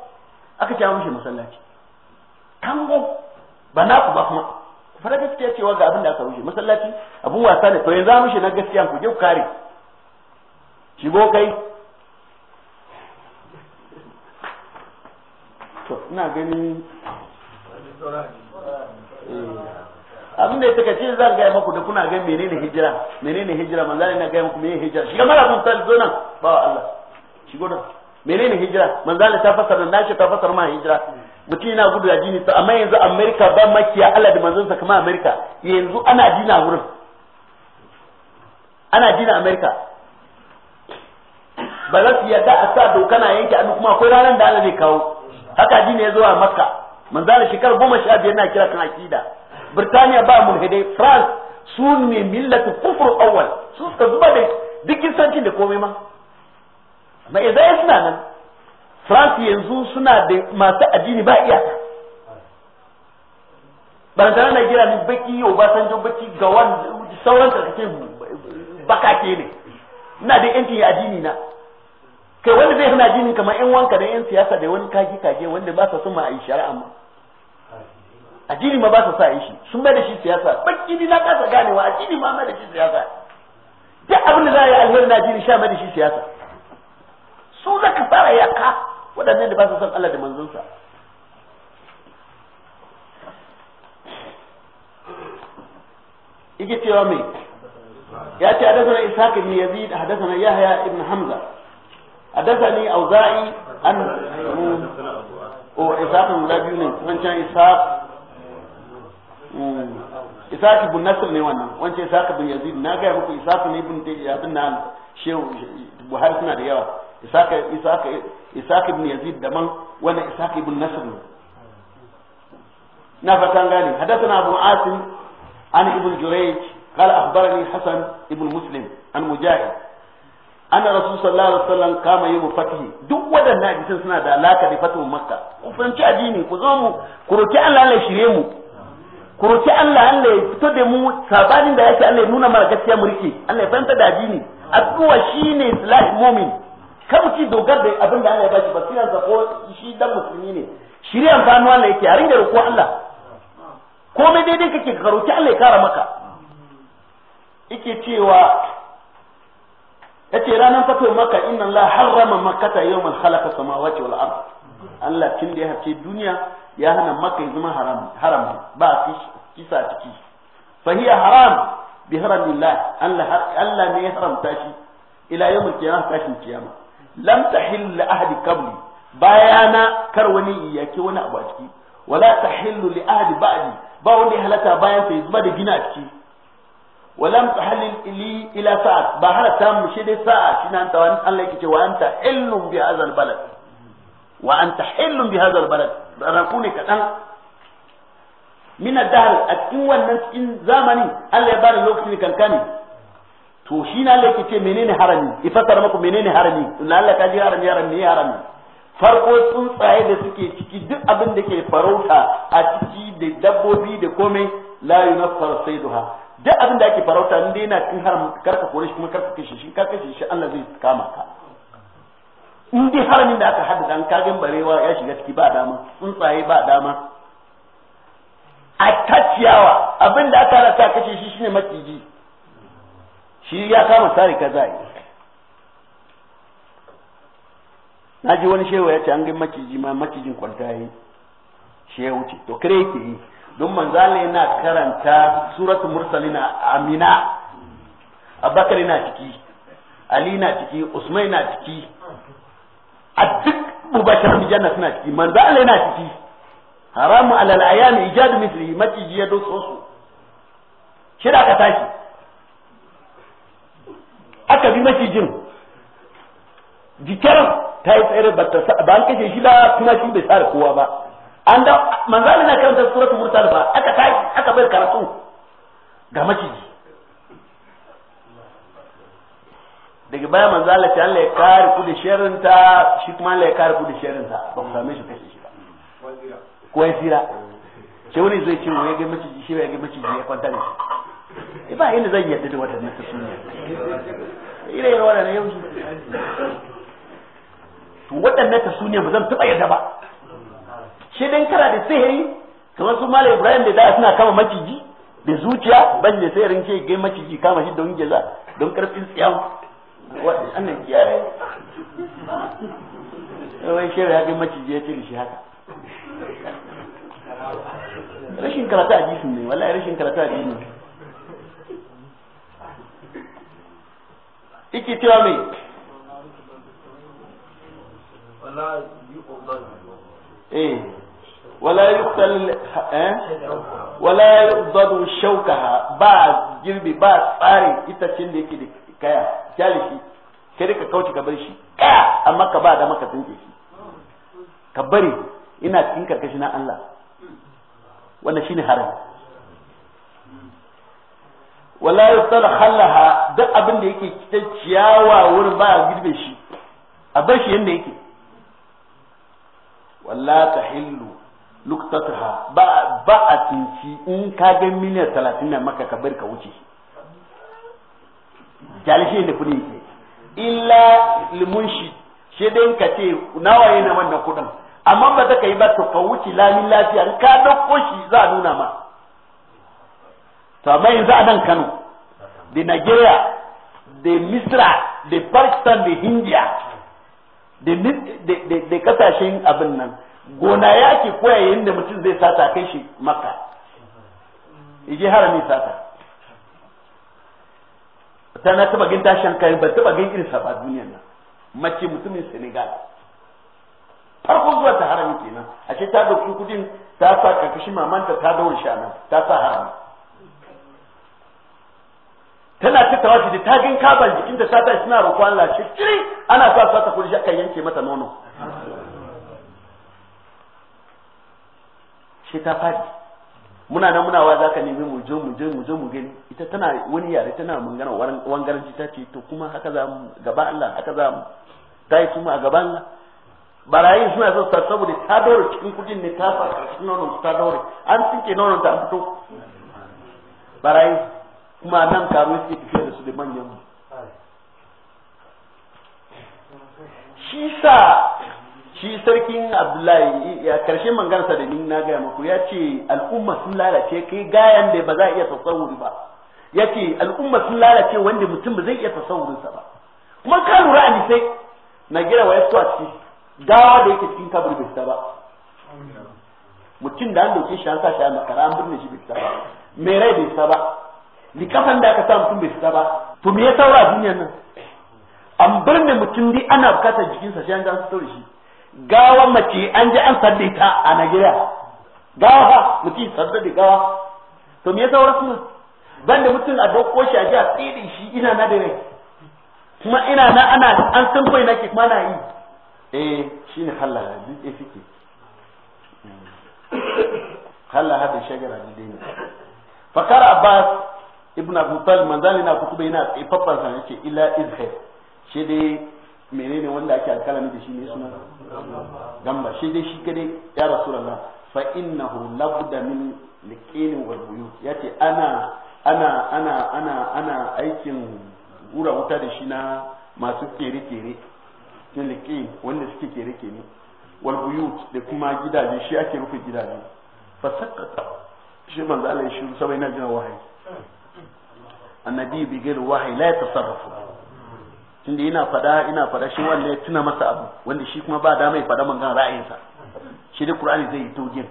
aka ja mishi masallaci kango ba na ku ba kuma ku fara gaskiya cewa ga abin da aka rushe masallaci abun wasa ne to yanzu an rushe na gaskiya ku je ku kare shigo kai to ina ganin eh, abin da ya taka ce zan gaya maku da kuna ga menene hijira menene hijira manzo ne na gaya maku menene hijira shiga mara mun tal nan ba Allah shigo nan menene hijira manzala ta fasara shi ta fasara ma hijira mutum yana gudu a jini amma yanzu amerika ba makiya allah da manzansa kama amerika yanzu ana dina wurin ana dina amerika ba za su yarda a sa doka na yanke annu kuma akwai ranar da allah zai kawo haka dina ya zo a makka manzala shekarar goma sha biyar na kira kan akida birtaniya ba mulhidai france su ne millatu kufur awwal su suka zuba da duk kisancin da komai ma idan ya suna nan france yanzu suna da masu addini ba iyaka barantana na gira ni baki yau ba san jan baki ga sauran karkace bakake ne ina da yanci addini na kai wanda zai suna addini kamar yan wanka da yan siyasa da wani kaki kage wanda ba sa suma ma a yi shari'a ma addini ma ba sa sa a yi shi sun mai da shi siyasa baki ni na kasa ganewa addini ma mai da shi siyasa duk abin da za a yi alheri na addini sha mai da shi siyasa su za ka fara yaka waɗannan da ba su son Allah da manzonsa yake cewa mai ya ce hadathana ishaq ibn yazid hadathana yahya ibn hamza a auza'i an mu. o oh, ishaq wula biyu ne wancan ishaq hmm. ishaq ibn nasr ne wannan wancan ishaq ibn yazid na ga muku ishaq ne ibn abin nan shehu buhari suna da yawa isaka isaka isaka ibn yazid daban wannan isaka ibn nasr na fatan gane hadathana abu asim an ibn jurayj قال أخبرني حسن ابن مسلم عن مجاهد أن رسول صلى الله عليه وسلم قام يوم فتحه duk waɗannan hadisan suna da alaka da fatuwar makka ku fahimci addini ku zo mu ku roki Allah Allah ya shirye mu ku roki Allah Allah ya fito da mu sabanin da yake Allah ya nuna mara gaskiya mu rike Allah ya fahimta da addini addu'a shine islahi mu'min kar mu ci dogar da abin da Allah ya bashi basiran sa ko shi dan musulmi ne shirya ta hannu Allah yake a ringa roƙo Allah komai daidai kake ka roƙi Allah ya kara maka yake cewa yace ranan fatuwar maka inna Allah harrama makkata yawmal khalaqa samawati wal ard Allah tun da ya hace duniya ya hana maka ya zama haram haram ba kisa ciki fa hiya haram bi haramillah Allah Allah ne ya haramta shi ila yawmil qiyamah tashin kiyama lam tahillu li ahadi qabli bayana kar wani yake wani abu a ciki wala tahillu li ahadi ba'di ba wani halata bayan sai zuba da gina a ciki walam tahallil ili ila sa'at ba halatta mu shi dai sa'a shi nan tawan Allah yake wa anta illum bi hadha balad wa anta hillum bi hadha balad ranaku ne kadan min ad-dahr a cikin wannan cikin zamani Allah ya bada lokacin kankani to shi na Allah ce menene harami ifasar muku menene harami na Allah ka ji harami harami ne harami farko tsuntsaye da suke ciki duk abin da ke farauta a ciki da dabbobi da komai la yunaffar sayduha duk abin da ake farauta inda yana cikin haram karka kore shi kuma karka kashe shi ka kashe shi Allah zai kama ka in dai haramin da aka hada dan kagen barewa ya shiga ciki ba dama tsuntsaye ba dama a ta ciyawa abin da aka rasa kashe shi shine maciji shi ya kama sare kaza yi na ji wani shewa ya ce an gan maciji ma macijin kwanta yi shi ya wuce to kare yake yi don manzala yana karanta suratul na amina abakari na ciki ali na ciki usman na ciki a duk mubashar janna suna ciki manzala yana ciki haramu alal ayami Ijadu, misli maciji ya dosa su shida ka tashi aka bi macijin jikaran ta yi tsere ba ta ba an kashe shi da kuma shi bai tsara kowa ba an da manzali na karanta surat murtal ba aka ta aka bai karatu ga maciji daga baya manzali ta Allah ya kare ku da shi kuma Allah ya kare ku da ba ku same shi kashe shi ba ko ya tsira ce wani zai ce wai ga maciji shi ya ga maciji ya kwanta ne shi eh, ba inda zan yadda da wadannan suna ire ire waɗannan yau to waɗannan ka sune ba zan taɓa yarda ba shi dan kana da sihiri kamar su malam ibrahim da da suna kama maciji da zuciya ban ne sai ce gai maciji kama shi don geza don karfin tsiyawa wannan kiyaye wai shi ya gai maciji ya ce da shi haka rashin karatu a jisun ne wallahi rashin karatu a jisun ne Iki cewa me eh wala yuqtal eh wala yuqdadu shawkaha ba girbi ba tsari cin da yake da kaya kyale shi kai ka kauce ka bar shi kaya amma ka ba da maka tsinke shi ka bari ina cikin karkashin Allah wannan shine haram wala halaha duk abin da yake cikin ciyawa wurin ba a girbe shi a bar shi yanda yake wala hillu luktataha ba ba a tinci in ka ga miliyan 30 na maka ka bar ka wuce jalishe da kudi yake illa limunshi shi dai ka ce nawa yana wannan kudin amma ba za ka yi ba ka wuce lamin lafiya in ka dauko shi za a nuna ma to amma yanzu a nan Kano da Nigeria da Misra da Pakistan da India da kasashen abin nan gona yaki koya yadda mutum zai sata kai shi maka yaje harami sata ta na taba gin tashin kai ba taba gin irin sa ba duniyan nan mace mutumin Senegal farko zuwa ta harami kenan ashe ta dauki kudin ta sa karkashin mamanta ta daure shi nan ta sa harami tana ta tawafi da tagin kaban jikin da sata suna roƙo Allah shi kiri ana sa sa ta kurji aka yanke mata nono shi ta fadi muna nan muna wa zaka nemi mu je mu je mu je mu gani ita tana wani yare tana mangana wangaranci ta ce to kuma haka za mu gaba Allah haka za mu ta yi kuma a gaban Allah barayi suna so sa saboda ta daure cikin kudin ne ta fara cikin nono ta dore an tsinke nono ta fito barayi kuma nan karo suke tafiya da su da manyan mu shi sa shi sarkin abdullahi ya karshe mangansa da ni na gaya maku ya ce al'umma sun lalace kai gayan da ba za a iya tasawuri ba ya ce al'umma sun lalace wanda mutum ba zai iya tasawurinsa ba kuma ka lura a nisai na gira wa yasuwa ce gawa da yake cikin kabur bai fita ba mutum da an dauke shi an sa shi a makara an birne shi bai fita ba mai rai bai fita ba Ni kafan da aka sa mutum bai fita ba to me ya saura a nan an bar ne mutum dai ana bukatar jikinsa sai an ji an da shi gawa mace an ji an sadda ta a Najeriya gawa fa mutum sadda da gawa to me ya saura su ban da mutum a dauko shi a ji a tsere shi ina na da rai kuma ina na ana an san kai nake kuma na yi eh shine Allah ya fike hmm. Allah hada shagara ne dai fakar Abbas ibn abu tal manzali na kutuba yana tsaifafan sa yace ila izhar shi dai menene wanda ake alkalami da shi ne suna gamba shi dai shi kadai ya rasulullah fa innahu labda min liqin wal buyut yace ana ana ana ana ana aikin gura wuta da shi na masu kere kere ne liqin wanda suke kere kere wal buyut da kuma gidaje shi ake rufe gidaje fa sakata shi manzo Allah shi sabai na jin wahayi annabi bi ghairi wahyi la yatasarrafu tunda ina fada ina fada shi wanda ya tuna masa abu wanda shi kuma ba dama ya fada gan ra'ayinsa shi da qur'ani zai yi tawjin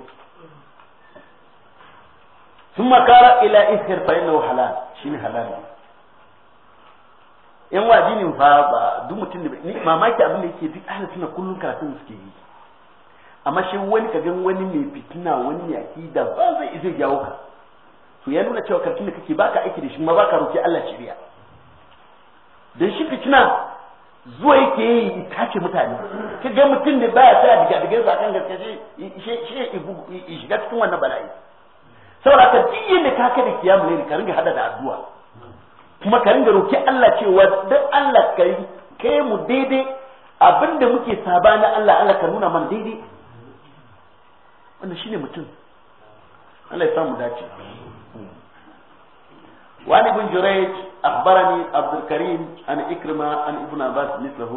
ثم قال الى اثر فانه حلال شنو حلال in waji ne fa ba duk mutum ne mamaki abin da yake duk ahli suna kullun karatun suke yi amma shi wani kagan wani mai fitina wani yaki da ba zai zai jawo ka to ya nuna cewa karfin da kake baka aiki da shi ma baka roki Allah shiriya dan shi fitina zuwa yake yi itace mutane ka ga mutum da baya tsaya diga diga sa kan gaske shi shi shiga cikin wannan bala'i saboda ka duk ne ka da kiyamu ne ka ringa hada da addu'a kuma ka ringa roki Allah cewa dan Allah kai kai mu daidai abinda muke saba na Allah Allah ka nuna man daidai wannan shine mutum Allah ya samu dace وعن ابن جريج أخبرني عبد الكريم عن إكرمة عن ابن عباس مثله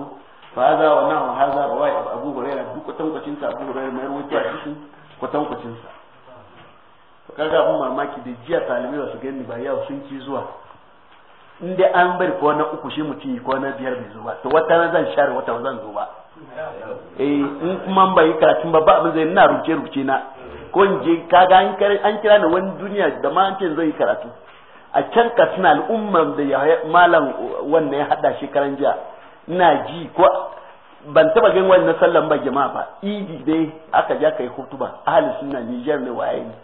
فهذا ونحو هذا رواية أبو هريرة دوك كتن تنسى أبو هريرة ما يروي تعيشن كتن تنسى فكذا أبو mamaki da jiya تعلمي ba su gani ba yau sun zuwa an bari ko na uku shi mutum yi ko na biyar bai zo ba to wata na zan share wata zan zo ba eh in kuma ba ba zai na ko in je ga an kira ni wani duniya da ma an zai yi karatu a can katsina al'ummar da malam wannan ya hada shekaran jiya ina ji ko ban taba gan wannan sallan ba jama'a ba idi dai aka ja kai hutuba ahli sunna Niger ne waye ne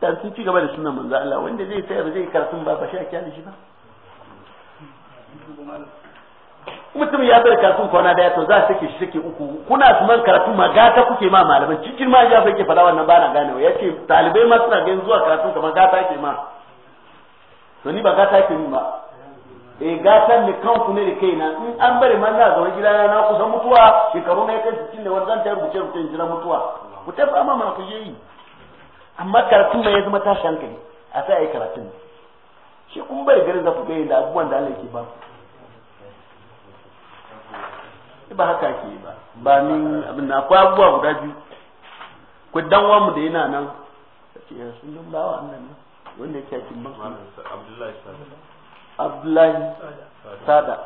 dan sun ci gaba da sunnan manzo Allah wanda zai tsaya zai karatun ba fa shi a kyale shi ba mutum ya bar karatun kwana daya to za ke shi sake uku kuna su man karatu ma gata kuke ma malaman cikin ma ya fake fada wannan ba na ganewa yace talibai ma suna ganin zuwa karatun kamar gata ke ma to ni ba gata ke yi ba e gatan ne kanku ne da kaina in an bari man na zaune gida na kusa mutuwa shekaru ne kai cikin da wannan ta rubuce rubuce in jira mutuwa ku ta fama mana ku yi amma karatu mai zama ta shanka ne a sai ai yi karatun shi kun bari garin za ku gani da abubuwan da Allah yake ba ba haka ke ba ba ni abin na akwai abubuwa guda biyu ku dan mu da yana nan ce sun bawa annan wanda yake cikin banki Abdullahi Abdullahi Sada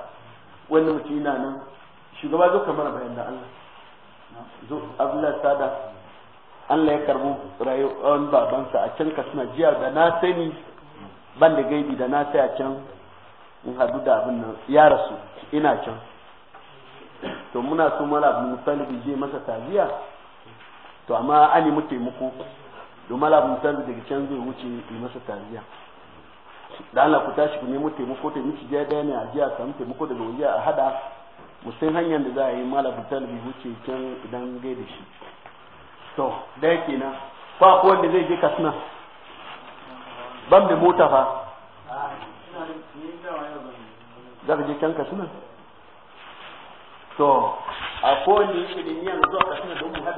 wanda mutum yana nan shugaba zo kamar bayan da Allah zo Abdullahi Sada Allah ya karbu rayuwar babansa a can ka jiya da na sani ban da gaibi da na sai a can in hadu da abin nan ya rasu ina can to muna so mala abin musalibi je masa taziya to amma ani mu taimako domin abu da daga can zai wuce yi masa tariya da Allah ku tashi ku nemo taimako ta miki jiya daya ne a jiya samu taimako daga wani a hada musan hanyar da za a yi mala malamin da wuce can idan gai da shi to da yake nan ba ko wanda zai je kasna ban da mota fa za ka je can kasna to a ko wanda yake da niyan zuwa kasna don mu